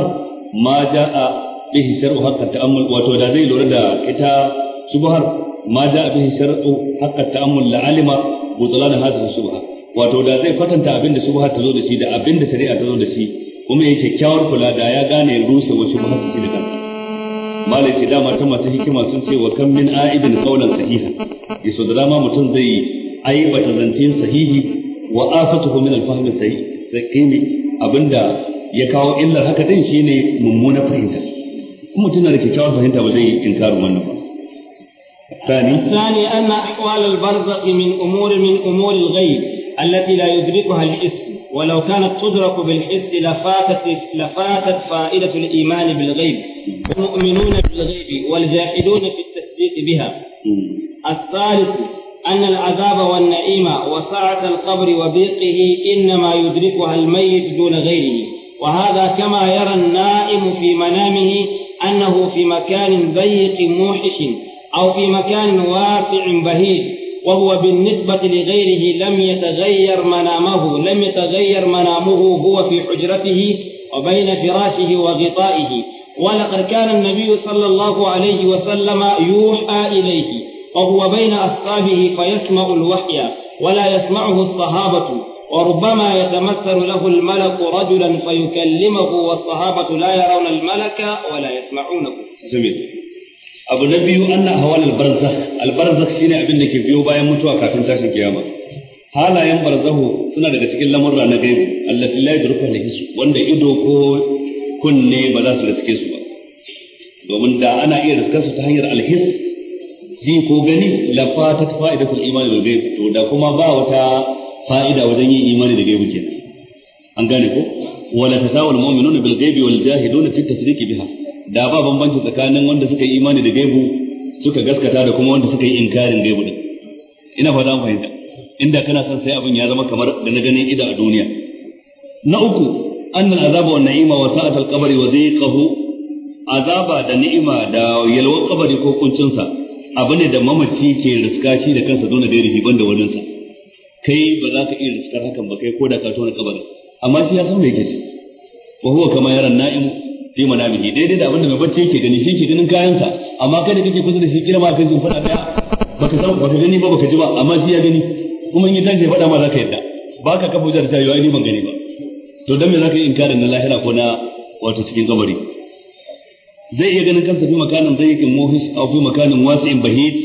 ma ja'a bihi shar'u hakka ta'ammul wato da zai lura da ita subhar ma ja'a bihi shar'u hakka ta'ammul la'alima butlan hadhihi subha wato da zai kwatanta abin da subha ta zo da shi da abin da shari'a ta zo da shi kuma yake kyakkyawar kula da ya gane rusa wasu mahasisi da kansa malaki ce dama ta masu hikima sun ce wa kan min a'idin qawlan sahiha yaso da dama mutum zai ai bata zance sahihi wa afatuhu min al-fahm sahih sai kai abinda ya kawo illar haka din shine mummuna fahimta kuma tana da kyakkyawar fahimta ba zai inkaru wannan ba الثاني الثاني أن أحوال البرزخ من أمور من أمور الغيب التي لا يدركها الإس ولو كانت تدرك بالحس لفاتت, لفاتت فائدة الإيمان بالغيب المؤمنون بالغيب والجاحدون في التصديق بها الثالث أن العذاب والنعيم وسعة القبر وضيقه إنما يدركها الميت دون غيره وهذا كما يرى النائم في منامه أنه في مكان ضيق موحش أو في مكان واسع بهيج وهو بالنسبة لغيره لم يتغير منامه لم يتغير منامه هو في حجرته وبين فراشه وغطائه ولقد كان النبي صلى الله عليه وسلم يوحى إليه وهو بين أصحابه فيسمع الوحي ولا يسمعه الصحابة وربما يتمثل له الملك رجلا فيكلمه والصحابة لا يرون الملك ولا يسمعونه جميل abu na biyu an na anna hawal albarzakh albarzakh shine abin da ke biyo bayan mutuwa kafin tashin kiyama halayen barzahu suna daga cikin lamurra na gaibi allati la da al-hisu wanda ido ko kunne ba za su riske su ba domin da ana iya riskar su ta hanyar alhis ji ko gani la fatat fa'idatul imani bil ghaib to da kuma ba wata fa'ida wajen yin imani da gaibi kenan an gane ko wala tasawul mu'minuna bil ghaibi wal jahiduna fi tasdiqi biha da ba bambanci tsakanin wanda suka yi imani da gaibu suka gaskata da kuma wanda suka yi inkarin gaibu din ina fa zan fahimta inda kana son sai abin ya zama kamar da na ganin ida a duniya na uku annal azaba wa na'ima wa sa'at al-qabr wa dhiqahu azaba da ni'ima da yalwar kabari ko sa abu ne da mamaci ke riska shi da kansa dole da rihi banda sa kai ba za ka iya riskar hakan ba kai ko da ka tona kabari amma shi ya san me yake ci wa huwa kama yaran na'imu fi manamihi daidai da abinda mai bacci yake gani shi ke ganin kayansa amma kada kake kusa da shi kila ma kai sun fada daya baka san baka gani ba baka ji ba amma shi ya gani kuma in ya tashi ya faɗa ma zaka yadda baka kafa wajen cewa ai ni ban gani ba to dan me zaka yi inkarin na lahira ko na wato cikin kabari zai iya ganin kansa fi makanin dayyikin muhis a fi makanin wasi'in bahit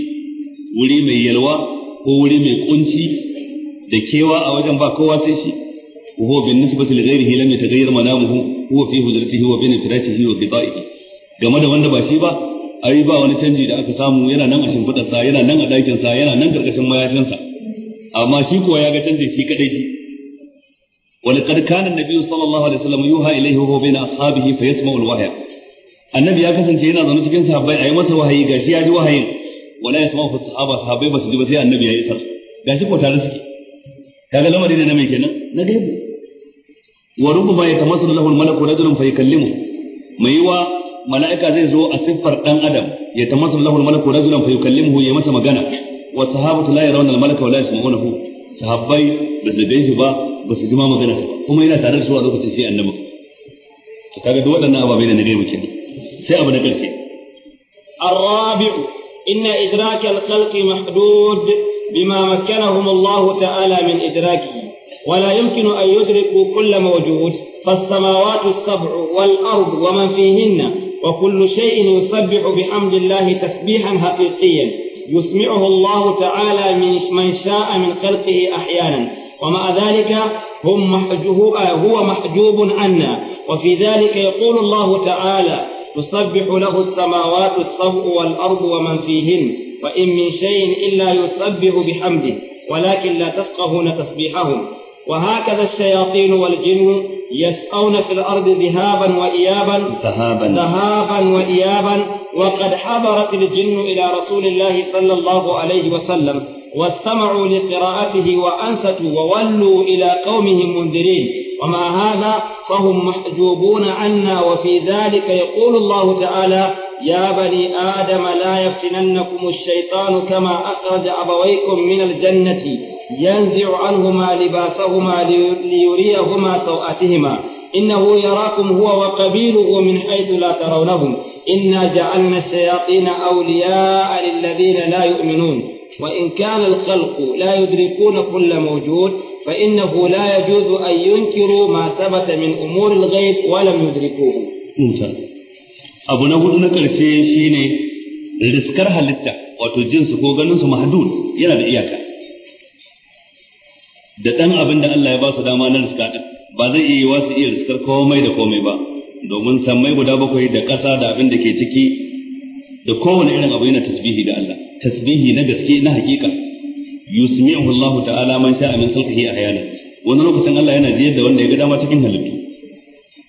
wuri mai yalwa ko wuri mai kunci da kewa a wajen ba kowa sai shi وهو بالنسبة لغيره لم يتغير منامه هو في هجرته وبين فراشه وغطائه game da wanda ba shi ba ai ba wani canji da aka samu yana nan a shimfiɗarsa yana nan a ɗakinsa yana nan ƙarƙashin mayafinsa amma shi kuwa ya ga canji shi kadai shi wani ƙarƙanin nabi sallallahu alaihi wasallam yuha ilaihi wa bayna ashabihi fa yasma'u alwahya annabi ya kasance yana zaune cikin sahabbai ayi masa wahayi gashi ya ji wahayin wala yasma'u fa sahaba sahabbai ba su ji ba sai annabi ya isar gashi ko tare suke kaga lamari ne na mai kenan na gaibu wa rubba yatamassalu lahu al-malaku rajulun fa yukallimu mai yiwa mala'ika zai zo a siffar dan adam ya tamassalu lahu al-malaku rajulan fa yukallimuhu ya masa magana wa sahabatu la yarawna al-malaka wa la yasma'unahu sahabbai ba su gaishe ba ba su jima magana kuma yana tare da su a lokacin sai annabi kaga duk waɗannan ababai ne na gaibu kenan sai abu na ƙarshe الرابع إن إدراك الخلق محدود بما مكنهم الله تعالى من إدراكه ولا يمكن أن يدركوا كل موجود فالسماوات السبع والأرض ومن فيهن وكل شيء يسبح بحمد الله تسبيحا حقيقيا يسمعه الله تعالى من من شاء من خلقه أحيانا ومع ذلك هم محجوب هو محجوب عنا وفي ذلك يقول الله تعالى تسبح له السماوات السبع والأرض ومن فيهن وإن من شيء إلا يسبح بحمده ولكن لا تفقهون تسبيحهم وهكذا الشياطين والجن يسقون في الأرض ذهابا وإيابا ذهابا ذهابا وإيابا وقد حضرت الجن إلى رسول الله صلى الله عليه وسلم واستمعوا لقراءته وأنستوا وولوا إلى قومهم منذرين وما هذا فهم محجوبون عنا وفي ذلك يقول الله تعالى يا بني آدم لا يفتننكم الشيطان كما أخرج أبويكم من الجنة ينزع عنهما لباسهما ليريهما سوآتهما إنه يراكم هو وقبيله من حيث لا ترونهم إنا جعلنا الشياطين أولياء للذين لا يؤمنون وإن كان الخلق لا يدركون كل موجود فإنه لا يجوز أن ينكروا ما ثبت من أمور الغيب ولم يدركوه abu na hudu na ƙarshe shine riskar halitta wato jinsu ko ganinsu mahdud yana da iyaka da ɗan abin da Allah ya ba su dama na riska ɗin ba zai iya yiwa su iya riskar komai da komai ba domin sammai guda bakwai da ƙasa da abin da ke ciki da kowane irin abu yana tasbihi da Allah tasbihi na gaske na hakika yusmi'uhu Allah ta'ala man sha'a min khalqihi ahyana wani lokacin Allah yana jiyar da wanda ya ga dama cikin halittu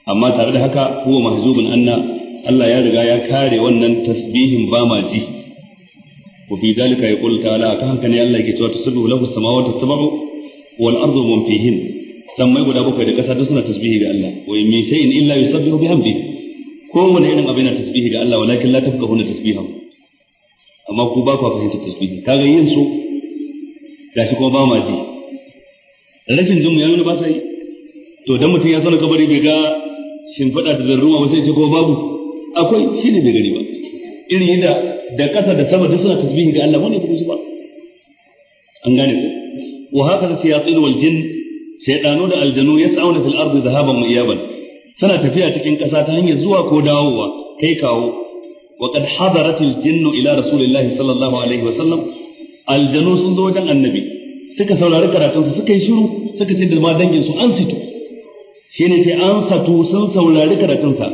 amma tare da haka huwa mahzubun anna Allah ya riga ya kare wannan tasbihin ba ma ji wa fi zalika yaqulu ta'ala ka hankali Allah yake cewa tasbihu lahu samawati tasbihu wal ardu man fihin sammai guda bakwai da kasa duk suna tasbihi ga Allah wa min shay'in illa yusabbihu bihamdi wani irin abin yana tasbihi ga Allah walakin la tafqahuna tasbihahu amma ku ba ku fahimta tasbihi kaga yin su gashi kuma ba ma ji rashin jin mu ya nuna ba sai to dan mutum ya sanar kabari bai ga shimfiɗa da zarruwa ba sai ce ko babu akwai shi ne bai gari ba irin yadda da ƙasa da sama duk suna tasbihi ga Allah wani ba ba an gane ku wa hakaza shayatin wal jin shaytanu da aljanu yas'auna fil ardi dhahaban wa iyaban suna tafiya cikin ƙasa ta hanyar zuwa ko dawowa kai kawo wa qad hadarat al jinnu ila rasulillahi sallallahu alaihi wa sallam aljanu sun zo wajen annabi suka saurari karatunsa suka yi shiru suka ce da ma dangin su an fito shi ne ce an satu sun saurari karatunsa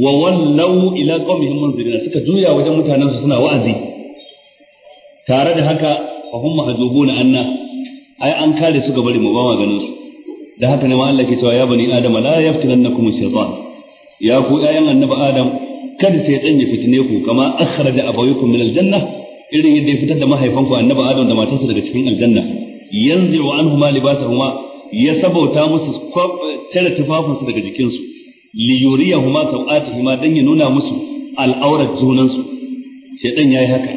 wa wallau ila qaumihim munzirina suka juya wajen mutanen su suna wa'azi tare da haka fa hum mahjubuna anna ai an kare su bari mu ba ma ganin su da haka ne ma Allah ke cewa ya bani adam la yaftinannakum shaytan ya ku ayyan annabi adam kada sai dan ya fitine ku kama akhraja abawaykum min aljanna irin yadda ya fitar da mahaifanku annabi adam da matarsa daga cikin aljanna yanzu yanzi'u anhuma libasahuma ya sabauta musu cire su daga jikinsu li yuriyahuma sawatihima dan ya nuna musu al'aurat junansu shaytan yayi haka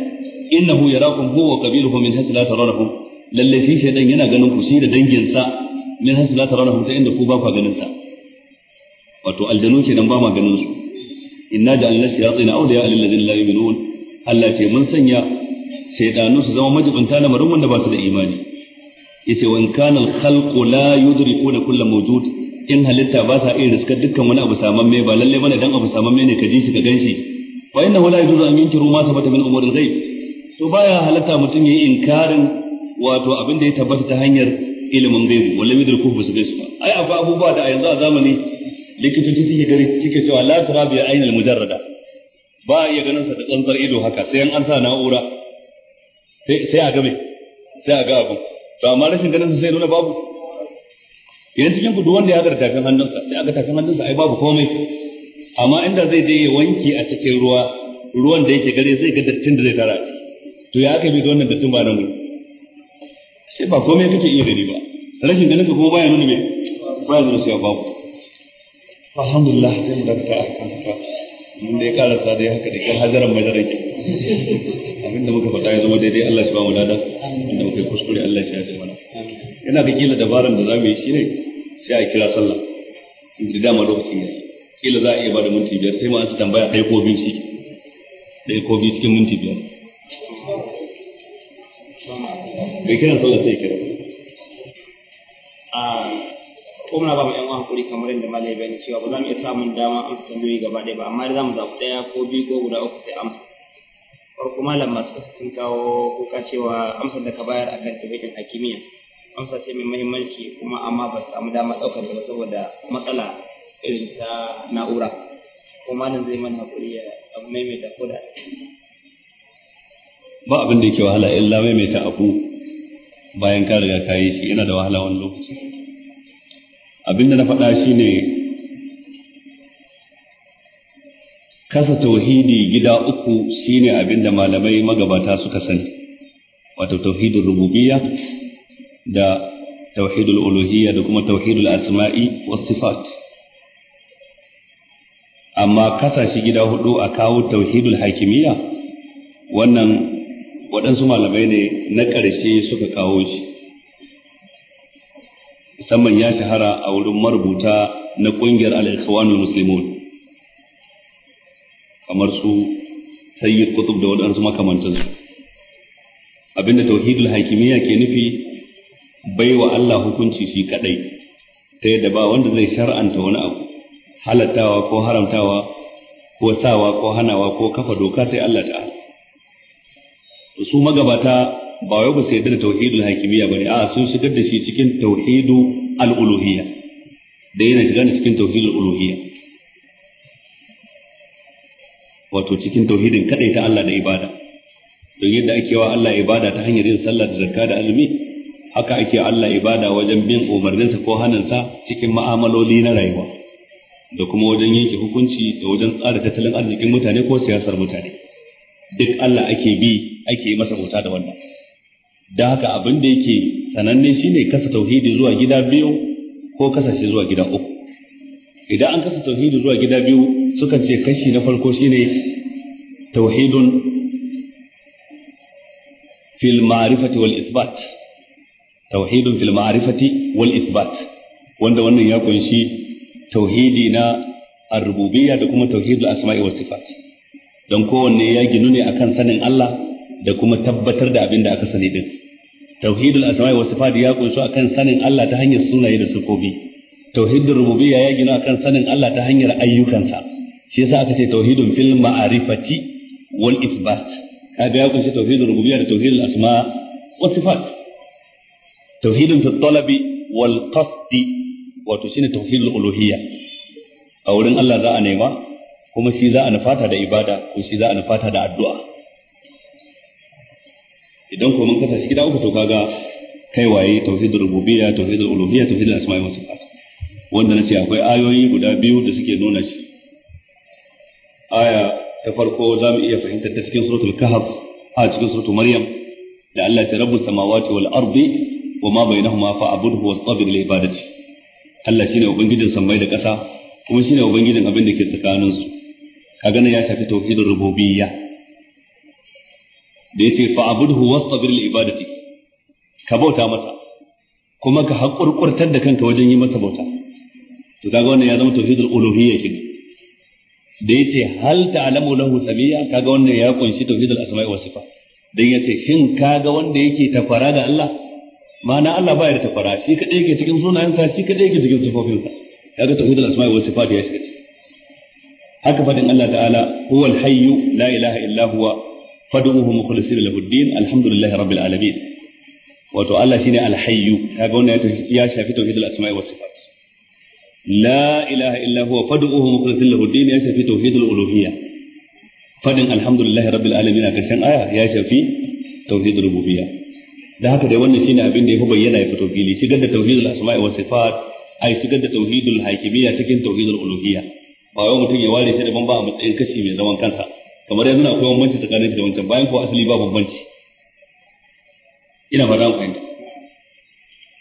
innahu yarakum huwa qabiluhu min hasla tarahum lalle shi shaydan yana ganin ku shi da danginsa min hasu za la tarawna ta inda ku ba ku ganin sa wato aljanu kenan ba ma ganin su inna ja'alna shayatin awliya lil ladina la yu'minun Allah ce mun sanya shaydanu su zama majibinta na marun wanda ba su da imani yace wa in kana al khalqu la yudrikuna kull mawjud in halitta ba sa iya riskar dukkan wani abu saman samamme ba lalle bane dan abu saman samamme ne ka ji shi ka ganshi fa innahu la yujuzu an yunkiru ma sabata min umuril ghaib to baya halatta mutum yayi inkarin wato abin da ya tabbata ta hanyar ilimin gaibu wala midar ba su gaisu ai abu abubuwa da a yanzu a zamani likitoci suke gari suke cewa la tura bi al mujarrada ba a iya ganin sa da tsantsar ido haka sai an sa na'ura sai a gabe sai a ga abu. to amma rashin ganin sa sai nuna babu idan cikin ku wanda ya gara tafin hannunsa sai a ga tafin hannunsa ai babu komai amma inda zai je ya wanke a cikin ruwa ruwan da yake gare zai ga dattin da zai tara a ciki to ya aka bi da wannan dattin ba nan gudu sai ba komai kake iya gani ba rashin ganin ka kuma baya nuna mai baya nuna sai babu alhamdulillah zai mu dakata akan haka mun dai karasa dai haka da kan hajaran majaran ki abinda muka faɗa ya zama daidai Allah shi ba mu dada inda muka yi kuskure Allah shi ya ce mana yana da kila dabaran da za mu yi shi ne sai a kira sallah da dama lokacin yayi kila za a iya ba da minti biyar sai ma an tambaya ɗaya ko biyu shi ɗaya ko biyu cikin minti biyar bai kiran sallah sai kira ah, ko muna ba mu yan hakuri kamar yadda malai bayani cewa ba za mu iya samun dama amsa tambayoyi gaba ɗaya ba amma da za mu zaɓi ɗaya ko biyu ko guda uku sai amsa farko malam masu kasa sun kawo kuka cewa amsar da ka bayar akan tafiyar hakimiyya amsa ce mai muhimmanci kuma amma ba su samu dama ɗaukar ba saboda matsala irin ta na'ura ko malam zai mana hakuri ya maimaita ko da ba abin da yake wahala illa maimaita abu bayan ka riga ka yi shi yana da wahala wani lokaci abin da na faɗa shi ne kasa tauhidi gida uku shine abin da malamai magabata suka sani wato tauhidul rububiyya da tauhidul uluhiyya da kuma tauhidul asma'i was sifat amma kasa shi gida hudu a kawo tauhidul hakimiyya wannan waɗansu malamai ne na ƙarshe suka kawo shi musamman ya shahara a wurin marubuta na ƙungiyar al'ikhwanul musulmin kamar su sayyid kutub da waɗansu makamantansu abinda tauhidul hakimiyya ke nufi bai wa Allah hukunci shi kaɗai. ta yadda ba wanda zai shar'anta wani abu halattawa ko haramtawa ko sawa ko hanawa ko kafa doka sai Allah ta'ala su magabata ba wai ba su yarda da tauhidul hakimiyya bane a sun shigar da shi cikin tauhidu al-uluhiyya da yana shiga da cikin tauhidul uluhiyya wato cikin tauhidin kadai ta Allah da ibada don yadda ake wa Allah ibada ta hanyar yin sallah da zakka da azumi haka ake Allah ibada wajen bin umarninsa ko hannunsa cikin ma'amaloli na rayuwa da kuma wajen yanke hukunci da wajen tsara tattalin arzikin mutane ko siyasar mutane duk Allah ake bi ake masa bauta da wannan da haka abin da yake sananne shine kasa tauhidi zuwa gida biyu ko kasa shi zuwa gida uku idan an kasa tauhidi zuwa gida biyu sukan ce kashi na farko shine tauhidun fil ma'rifati wal ithbat tauhidun fil ma'rifati wal ithbat wanda wannan ya kunshi tauhidi na ar-rububiyya da kuma tauhidul asma'i was sifat don kowanne ya ginu ne akan sanin Allah da kuma tabbatar da abin da aka sani din tauhidul asma'i wa sifat ya kunshi akan sanin Allah ta hanyar sunaye da sifofi tauhidul rububiyya ya gina akan sanin Allah ta hanyar ayyukansa shi yasa aka ce tauhidun fil ma'arifati wal ithbat kaga ya kunshi tauhidul rububiyya da tauhidul Asma'i wa sifat tauhidun fi talabi wal qasdi wato shine tauhidul uluhiyya a wurin Allah za a nema kuma shi za a nufata da ibada ko shi za a nufata da addu'a idan kuma mun kasashe gida uku to kaga kai waye tauhidul rububiyya tauhidul uluhiyya tauhidul asma'i wa sifat wanda nace akwai ayoyi guda biyu da suke nuna shi aya ta farko za mu iya fahimtar ta cikin suratul kahf a cikin suratul maryam da Allah ya rabbus samawati wal ardi wa ma bainahuma fa'budhu wastabir li ibadati Allah shine ubangijin sammai da ƙasa kuma shine ubangijin abin da ke tsakaninsu kaga nan ya shafi tauhidul rububiyya da yace fa abudhu wastabir li ibadati ka bauta masa kuma ka haƙurƙurtar da kanka wajen yi masa bauta to kaga wannan ya zama tauhidul uluhiyya kenan da yace hal ta'lamu lahu samiya kaga wannan ya kunshi tauhidul asma'i was sifat dan yace shin kaga wanda yake tafara da Allah ma'ana Allah baya da tafara shi kadai yake cikin sunayensa shi kadai yake cikin sifofinsa kaga tauhidul asma'i was sifat ya shiga haka fadin Allah ta'ala huwal hayyu la ilaha illa huwa fad'uhu mukhlisina lahu ad-din alhamdulillahi rabbil alamin wato Allah shine al-hayyu kaga wannan ya shafi tauhidul asma'i was sifat la ilaha illa huwa fad'uhu mukhlisina lahu ad-din ya shafi tauhidul uluhiyya fadin alhamdulillahi rabbil alamin a karshen aya ya shafi tauhidul rububiyya da haka dai wannan shine abin da ya fi bayyana ya fito fili shigar da tauhidul asma'i was sifat ai shigar da tauhidul hakimiyya cikin tauhidul uluhiyya ba wai mutum ya ware shi daban ba a matsayin kashi mai zaman kansa kamar yanzu na akwai bambanci tsakanin shi da wancan bayan ko asali ba bambanci ina ba zan fahimta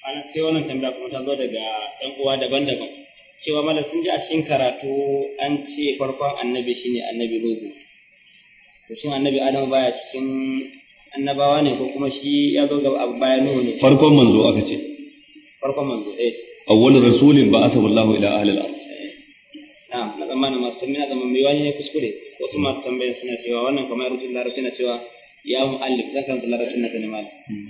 an sai wannan tambaya kuma ta zo daga ɗan uwa daban-daban cewa malam sun ji a cikin karatu an ce farkon annabi shine annabi rogo to shin annabi adam baya cikin annabawa ne ko kuma shi ya zo ga abu baya nuhu ne farkon manzo aka ce farkon manzo eh awwal rasulin ba asaballahu ila ahli al na'am na tsammanin masu tambaya zaman mai wani ne kuskure wasu masu tambaya suna cewa wannan kamar rutun larabci na cewa ya mu'allim zan karanta larabcin na kalima hmm.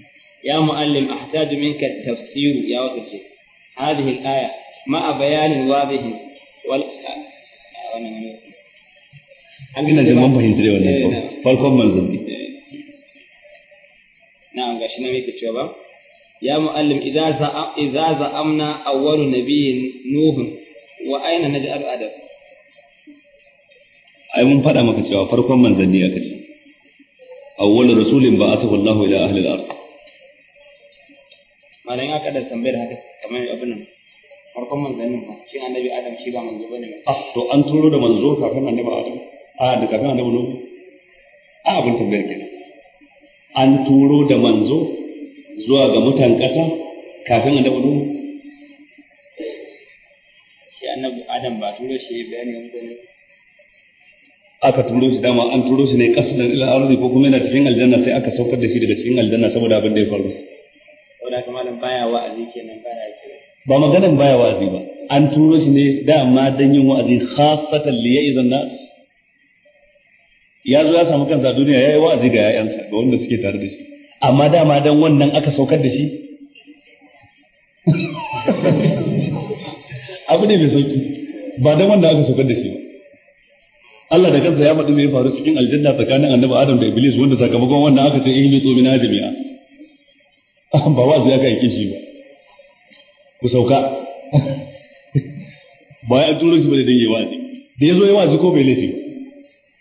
ya mu'allim ahtaju ka tafsiru ya wasu ce hadhihi al-aya ma'a bayanin wadihi wal an gina jin mun fahimci da wannan ko eh, farkon manzanni eh. na'am gashi nan cewa ba ya muallim za'amna awwalu nabiyyin wa aina naj'al adam ai mun faɗa maka cewa farkon manzanni aka ce awwal rasulin ba'athahu Allahu ila ahli al-ard malan aka da tambayar haka kamar abin nan farkon manzanni ba shi annabi adam shi ba manzo bane ba ah, to an turo da manzo kafin annabi adam a ah, da kafin annabi nuhu a ah, abin tambayar kenan an turo da manzo zuwa ga mutan ƙasa kafin annabi nuhu annabi adam ba turo shi bayani wanda aka turo shi dama an turo shi ne kasdan ila arzi ko kuma yana cikin aljanna sai aka saukar da shi daga cikin aljanna saboda abin da ya faru saboda kuma malam baya wa'azi kenan baya kira ba maganan baya wa'azi ba an turo shi ne dama dan yin wa'azi khasatan li ya'izan nas ya zo ya samu kansa duniya yayi wa'azi ga yayansa ga wanda suke tare da shi amma dama dan wannan aka saukar da shi abu ne mai sauki ba da wanda aka saukar da shi ba Allah da kansa ya faɗi me ya faru cikin aljanna tsakanin annabi Adam da Iblis wanda sakamakon wannan aka ce ihli tu min ajmi'a ba wa zai aka kishi shi ba ku sauka ba ya turo shi ba da ba ne da yazo ya wazi ko bai lafi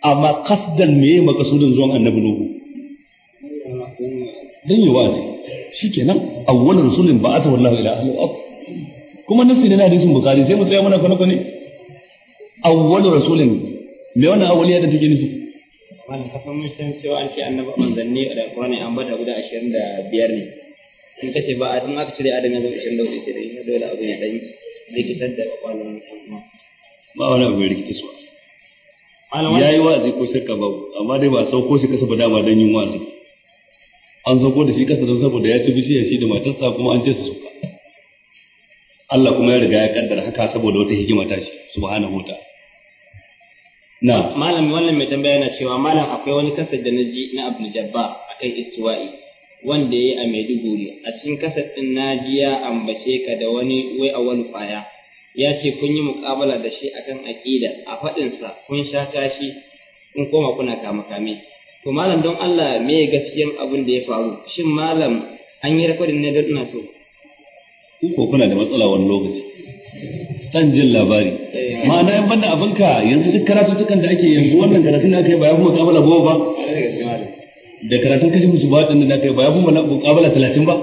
amma kasdan me yayi makasudin zuwan annabi Nuhu dan yi wazi shikenan awwalan rasulin ba asa wallahu ila ahli al kuma nafsi ne na hadisin bukari sai mu tsaya muna kwana kwane awwalu rasulin me wannan awwaliya da take nufi wannan kasan mun san cewa an ce annabi manzanni da qur'ani an bada guda 25 ne in kace ba a aka cire adam ya zo 24 ce dai dole abin ya dan rikitar da kwakwalwar kuma. ba wani abu ya rikita su ya yi wa'azi ko shakka ba amma dai ba sauko shi kasa ba dama don yin wa'azi an sauko da shi kasa don saboda ya ci bishiya shi da matarsa kuma an ce su Allah kuma ya riga ya kaddara haka saboda wata hikima ta shi subhanahu wa na malam wannan mai tambaya na cewa malam akwai wani kasar da na ji na Abdul a akan istiwa'i wanda yi a Maiduguri a cikin kasar ɗin na ji ya ambace ka da wani wai a wani kwaya ya ce kun yi muƙabala da shi akan aƙida a faɗinsa kun sha kashi kun koma kuna kame to malam don Allah me gaskiyan abin da ya faru shin malam an yi rakwadin na don ina so ko kuna da matsala wani lokaci san jin labari ma'ana yan banda abinka yanzu duk karatuttukan da ake yanzu wannan karatun da aka yi ba ya fi mukabala goma ba da karatun kashe musu ba ɗin da aka yi ba ya fi mukabala talatin ba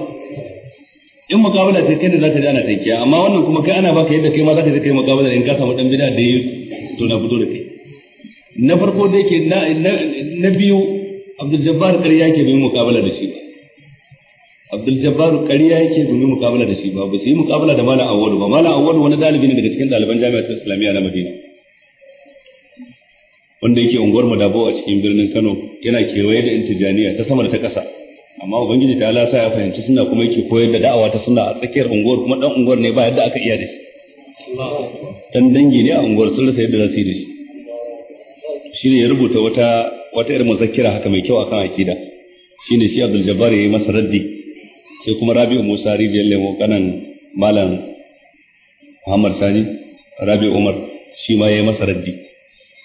in mukabala ce kai ne za ta ji ana taikiya amma wannan kuma kai ana baka yadda kai ma za ka je kai mukabala in ka samu dan bida da yi to na fito da kai na farko da yake na biyu abdul jabbar ƙarya ke bai mukabala da shi Abdul Jabbar ƙarya yake domin mukabala da shi ba ba su yi mukabala da Malam Awwalu ba Malam Awwalu wani dalibi ne daga cikin ɗaliban Jami'ar Islamiyya na Madina wanda yake unguwar Madabo a cikin birnin Kano yana kewaye da intijaniya ta sama da ta ƙasa amma ubangiji ta Allah ya fahimci suna kuma yake koyar da da'awa ta suna a tsakiyar unguwar kuma dan unguwar ne ba yadda aka iya da shi dan dangi ne a unguwar sun rasa yadda za su yi da shi shine ya rubuta wata wata irin muzakkira haka mai kyau akan akida shine shi Abdul Jabbar yi masa raddi sai kuma rabi'u musa rijiyar lemo kanan malam muhammad sani rabi umar shi ma ya yi masa raddi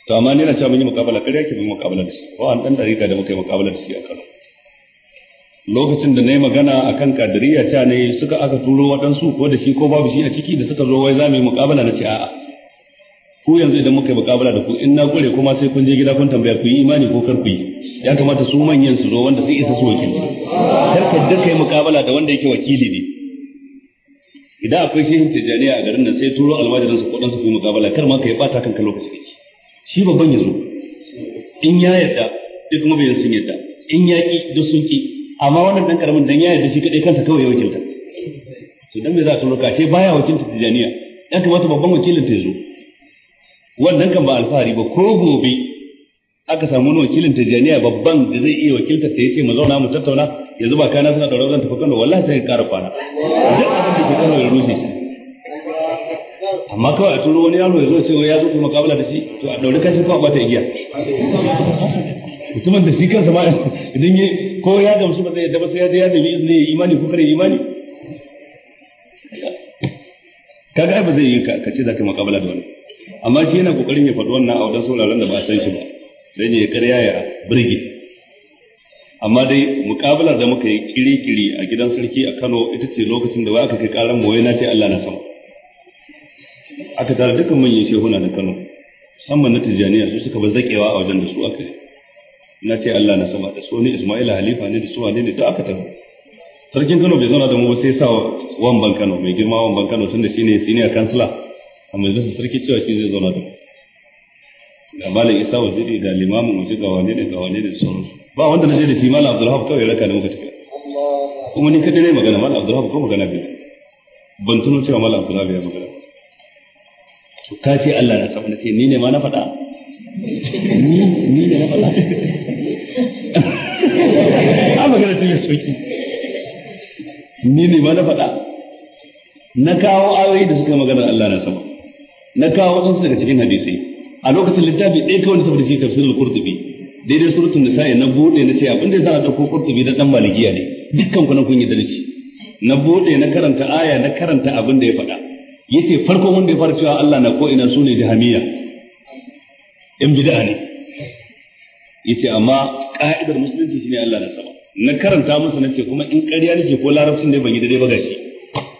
to amma ni na cewa mun yi mukabala kare yake mun yi mukabala da shi ba an dan dariƙa da muka yi mukabala da shi a kano lokacin da na yi magana a kan kadiriya ca ne suka aka turo waɗansu ko da shi ko babu shi a ciki da suka zo wai za mu yi mukabala na ce a'a ku yanzu idan muka yi mukabala da ku in na gure kuma sai kun je gida kun tambaya ku yi imani ko kar ku yi ya kamata su manyan su zo wanda sai isa su wakilci kar ka da kai mukabala da wanda yake wakili ne idan akwai shehin tijaniya a garin nan sai turo almajirin su kudin su ku mukabala kar ma ka yi bata kanka lokaci kake shi babban yazo in ya yarda duk mabiyan sun yarda in ya ki duk sun ki amma wannan dan karamin dan ya yarda shi kadai kansa kawai ya wakilta to dan me za a turo ka sai baya wakilta tijaniya ya kamata babban wakilin ta yazo wannan kan ba alfahari ba ko gobe aka samu wani wakilin tajaniya babban da zai iya wakiltar ta yace mu zauna mu tattauna yanzu ba kana suna daura zan tafi Kano wallahi sai ka ƙara kwana duk abin da ke Kano ya rushe shi amma kawai a turo wani yaro ya zo ya ce ya zo kuma kabila da shi to a daure ko a bata igiya mutumin da shi kansa ma idan ya ko ya gamsu ba zai yadda ba sai ya je ya nemi izini ya imani ko kare imani kaga ai ba zai yi ka ce za ka yi makabala da wani amma shi yana kokarin ya faɗi wannan a wajen sauraron da ba san shi ba dan ya karya ya burge amma dai mukabalar da muka yi kiri-kiri a gidan sarki a Kano ita ce lokacin da ba aka kai karan mu na ce Allah na sama aka tare dukkan manyan shehuna na Kano musamman na Tijjaniya su suka ba zakewa a wajen da su aka yi na ce Allah na sama da su ne Ismaila Halifa ne da su wane ne da aka tafi sarkin Kano bai zauna da mu ba sai sa wan ban Kano mai girma wan ban Kano tunda shine senior kansila. a majalisar sarki cewa shi zai zauna da ku ga malam isa waziri ga limamin waje ga wane ne ga wane ne sun ba wanda na je da shi malam abdulhab kawai raka da muka tafiya kuma ni kadai ne magana malam abdulhab ko magana biyu ban tuno cewa malam abdulhab ya magana to kafi Allah na sabu na ce ni ne ma na faɗa ni ni ne na faɗa a magana ce mai soki ni ne ma na faɗa na kawo ayoyi da suka magana Allah na sama na kawo waɗansu daga cikin hadisai a lokacin littafi ɗaya kawai na saboda shi tafsirin kurtubi. daidai surutun da nisa'i na bude na ce abin da za a dauko kurtubi da ɗan malikiya ne dukkan ku nan kun yi darasi na bude na karanta aya na karanta abin da ya faɗa yace farkon wanda ya fara cewa Allah na ko ina ne jahamiya in bid'a ne yace amma ka'idar musulunci shine Allah na sama na karanta musu nace kuma in ƙarya nake ko larabcin da ban yi dare ba gashi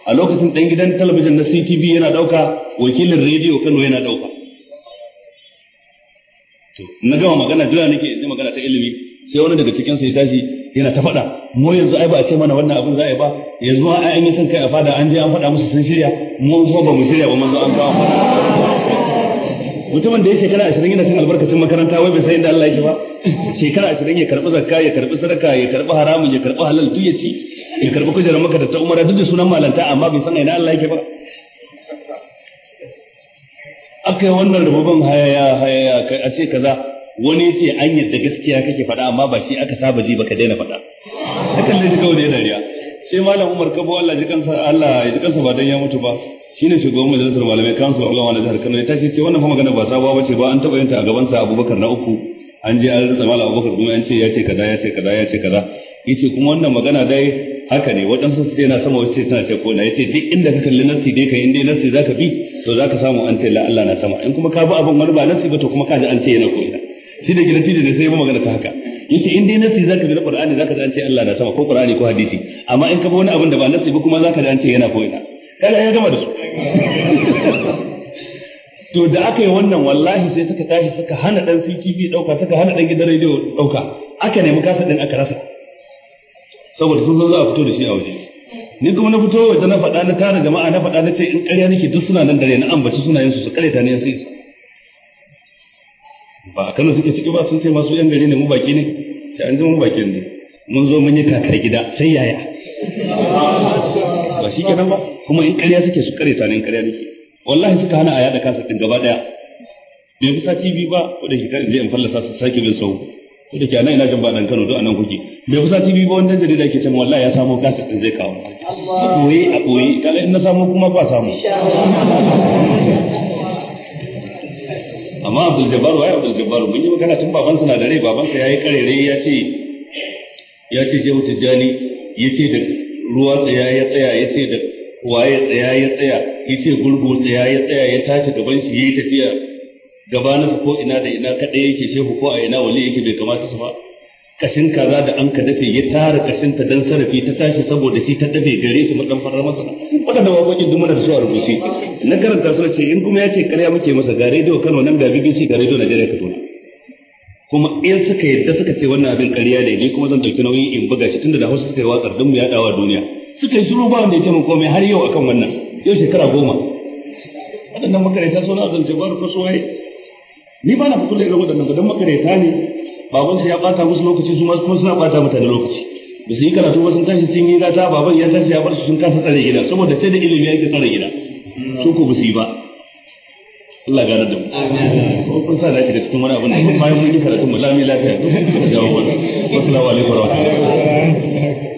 a lokacin ɗan gidan talabijin na CTV yana ɗauka wakilin rediyo Kano yana ɗauka to na gama magana jira nake in magana ta ilimi sai wani daga cikinsu ya tashi yana ta faɗa mu yanzu ai ba a ce mana wannan abin za a yi ba yanzu ma ai an yi kai a fada an je an faɗa musu sun shirya mu kuma ba mu shirya ba manzo an kawo mutumin da ya shekara ashirin yana cin albarkacin makaranta wai bai san inda Allah yake ba shekara ashirin ya karɓi zakka ya karɓi sadaka ya karɓi haramun ya karɓi halal duk ya ci ya karɓi kujerar maka da ta umara duk da sunan malanta amma bai san ina Allah yake ba aka yi wannan rububin hayaya hayaya a ce kaza wani ce an yadda gaskiya kake faɗa amma ba shi aka saba ji baka daina faɗa hakan ne shiga wani dariya sai malam Umar Kabo Allah ji kansa Allah ya ji kansa ba dan ya mutu ba shine shugaban majalisar malamai kansu Allah na jihar Kano ya tashi ce wannan fa magana ba sabuwa bace ba an taba yin ta a gaban sa Abubakar na uku an je an rasa malam Abubakar kuma an ce ya ce kaza ya ce kaza ya ce kaza yace kuma wannan magana dai haka ne waɗansu su na sama wasu suna ce ko na ce duk inda ka kalli nasi dai yi inda nasi ka bi to za ka samu an ce la Allah na sama in kuma ka bi abin wani ba nasi ba to kuma ka ji an ce yana ko shi da gidan tijin sai ya magana ta haka in ce in dai nasi ka bi na Qur'ani ka ji an ce Allah na sama ko Qur'ani ko hadisi amma in ka bi wani abin da ba nasi ba kuma ka ji an ce yana ko ina ya gama da su to da aka yi wannan wallahi sai suka tashi suka hana dan CTV dauka suka hana dan gidan rediyo dauka aka nemi kasa din aka rasa saboda sun san za a fito da shi a waje ni kuma na fito waje na faɗa na tara jama'a na faɗa na ce in ƙarya nake duk suna nan dare na ambaci sunayen su su ta ne sai su ba a Kano suke ciki ba sun ce masu yan gari ne mu baki ne sai an zama mu baki ne mun zo mun yi kakar gida sai yaya ba shi kenan ba kuma in ƙarya suke su ta ne in ƙarya nake wallahi suka hana a yaɗa kasa ɗin gaba ɗaya bai fi sati biyu ba wadda shekarar je in fallasa su sake bin sau da ke anan ina jin ba dan Kano duk anan kuke bai kusa TV ba wannan jarida yake cewa wallahi ya samu kasa din zai kawo a koyi a koyi kala in na samu kuma ba samu amma Abdul Jabbar wai Abdul Jabbar mun yi magana tun babansa na da rai babansa yayi karere ya ce ya ce Shehu Tijjani ya ce da ruwa tsaya ya tsaya ya ce da waye tsaya ya tsaya ya ce gurgu tsaya ya tsaya ya tashi gaban shi yayi tafiya su ko ina da ina kaɗai yake shehu ko a ina wali yake bai kamata su ba kashin kaza da an ka dafe ya tara kashin ta dan sarafi ta tashi saboda shi ta dafe gare su madan farar masa wadannan waƙoƙin duk muna da su a rubuce na karanta su ce in kuma ya ce ƙarya muke masa ga rediyo Kano nan ga BBC ga rediyo Najeriya Kaduna kuma in suka yadda suka ce wannan abin ƙarya ne ni kuma zan dauki nauyi in buga shi tunda da Hausa suka yi waƙar dan mu ya dawa duniya suka yi shiru ba wanda ya ce mun komai har yau akan wannan yau shekara goma waɗannan makaranta suna zance ba ko su waye ni ba na fito da irin waɗannan ba don makareta ne baban ya bata musu lokaci su kuma suna bata mutane lokaci ba su yi karatu ba sun tashi cikin gida ta baban ya tashi ya bar su sun kasa tsare gida saboda sai da ilimi yake tsare gida hmm. su ko ba su yi ba Allah gane da mu kun sa da shiga cikin wani abin da bayan mun yi karatu mu lami lafiya duk da jawo wannan wassalamu alaikum wa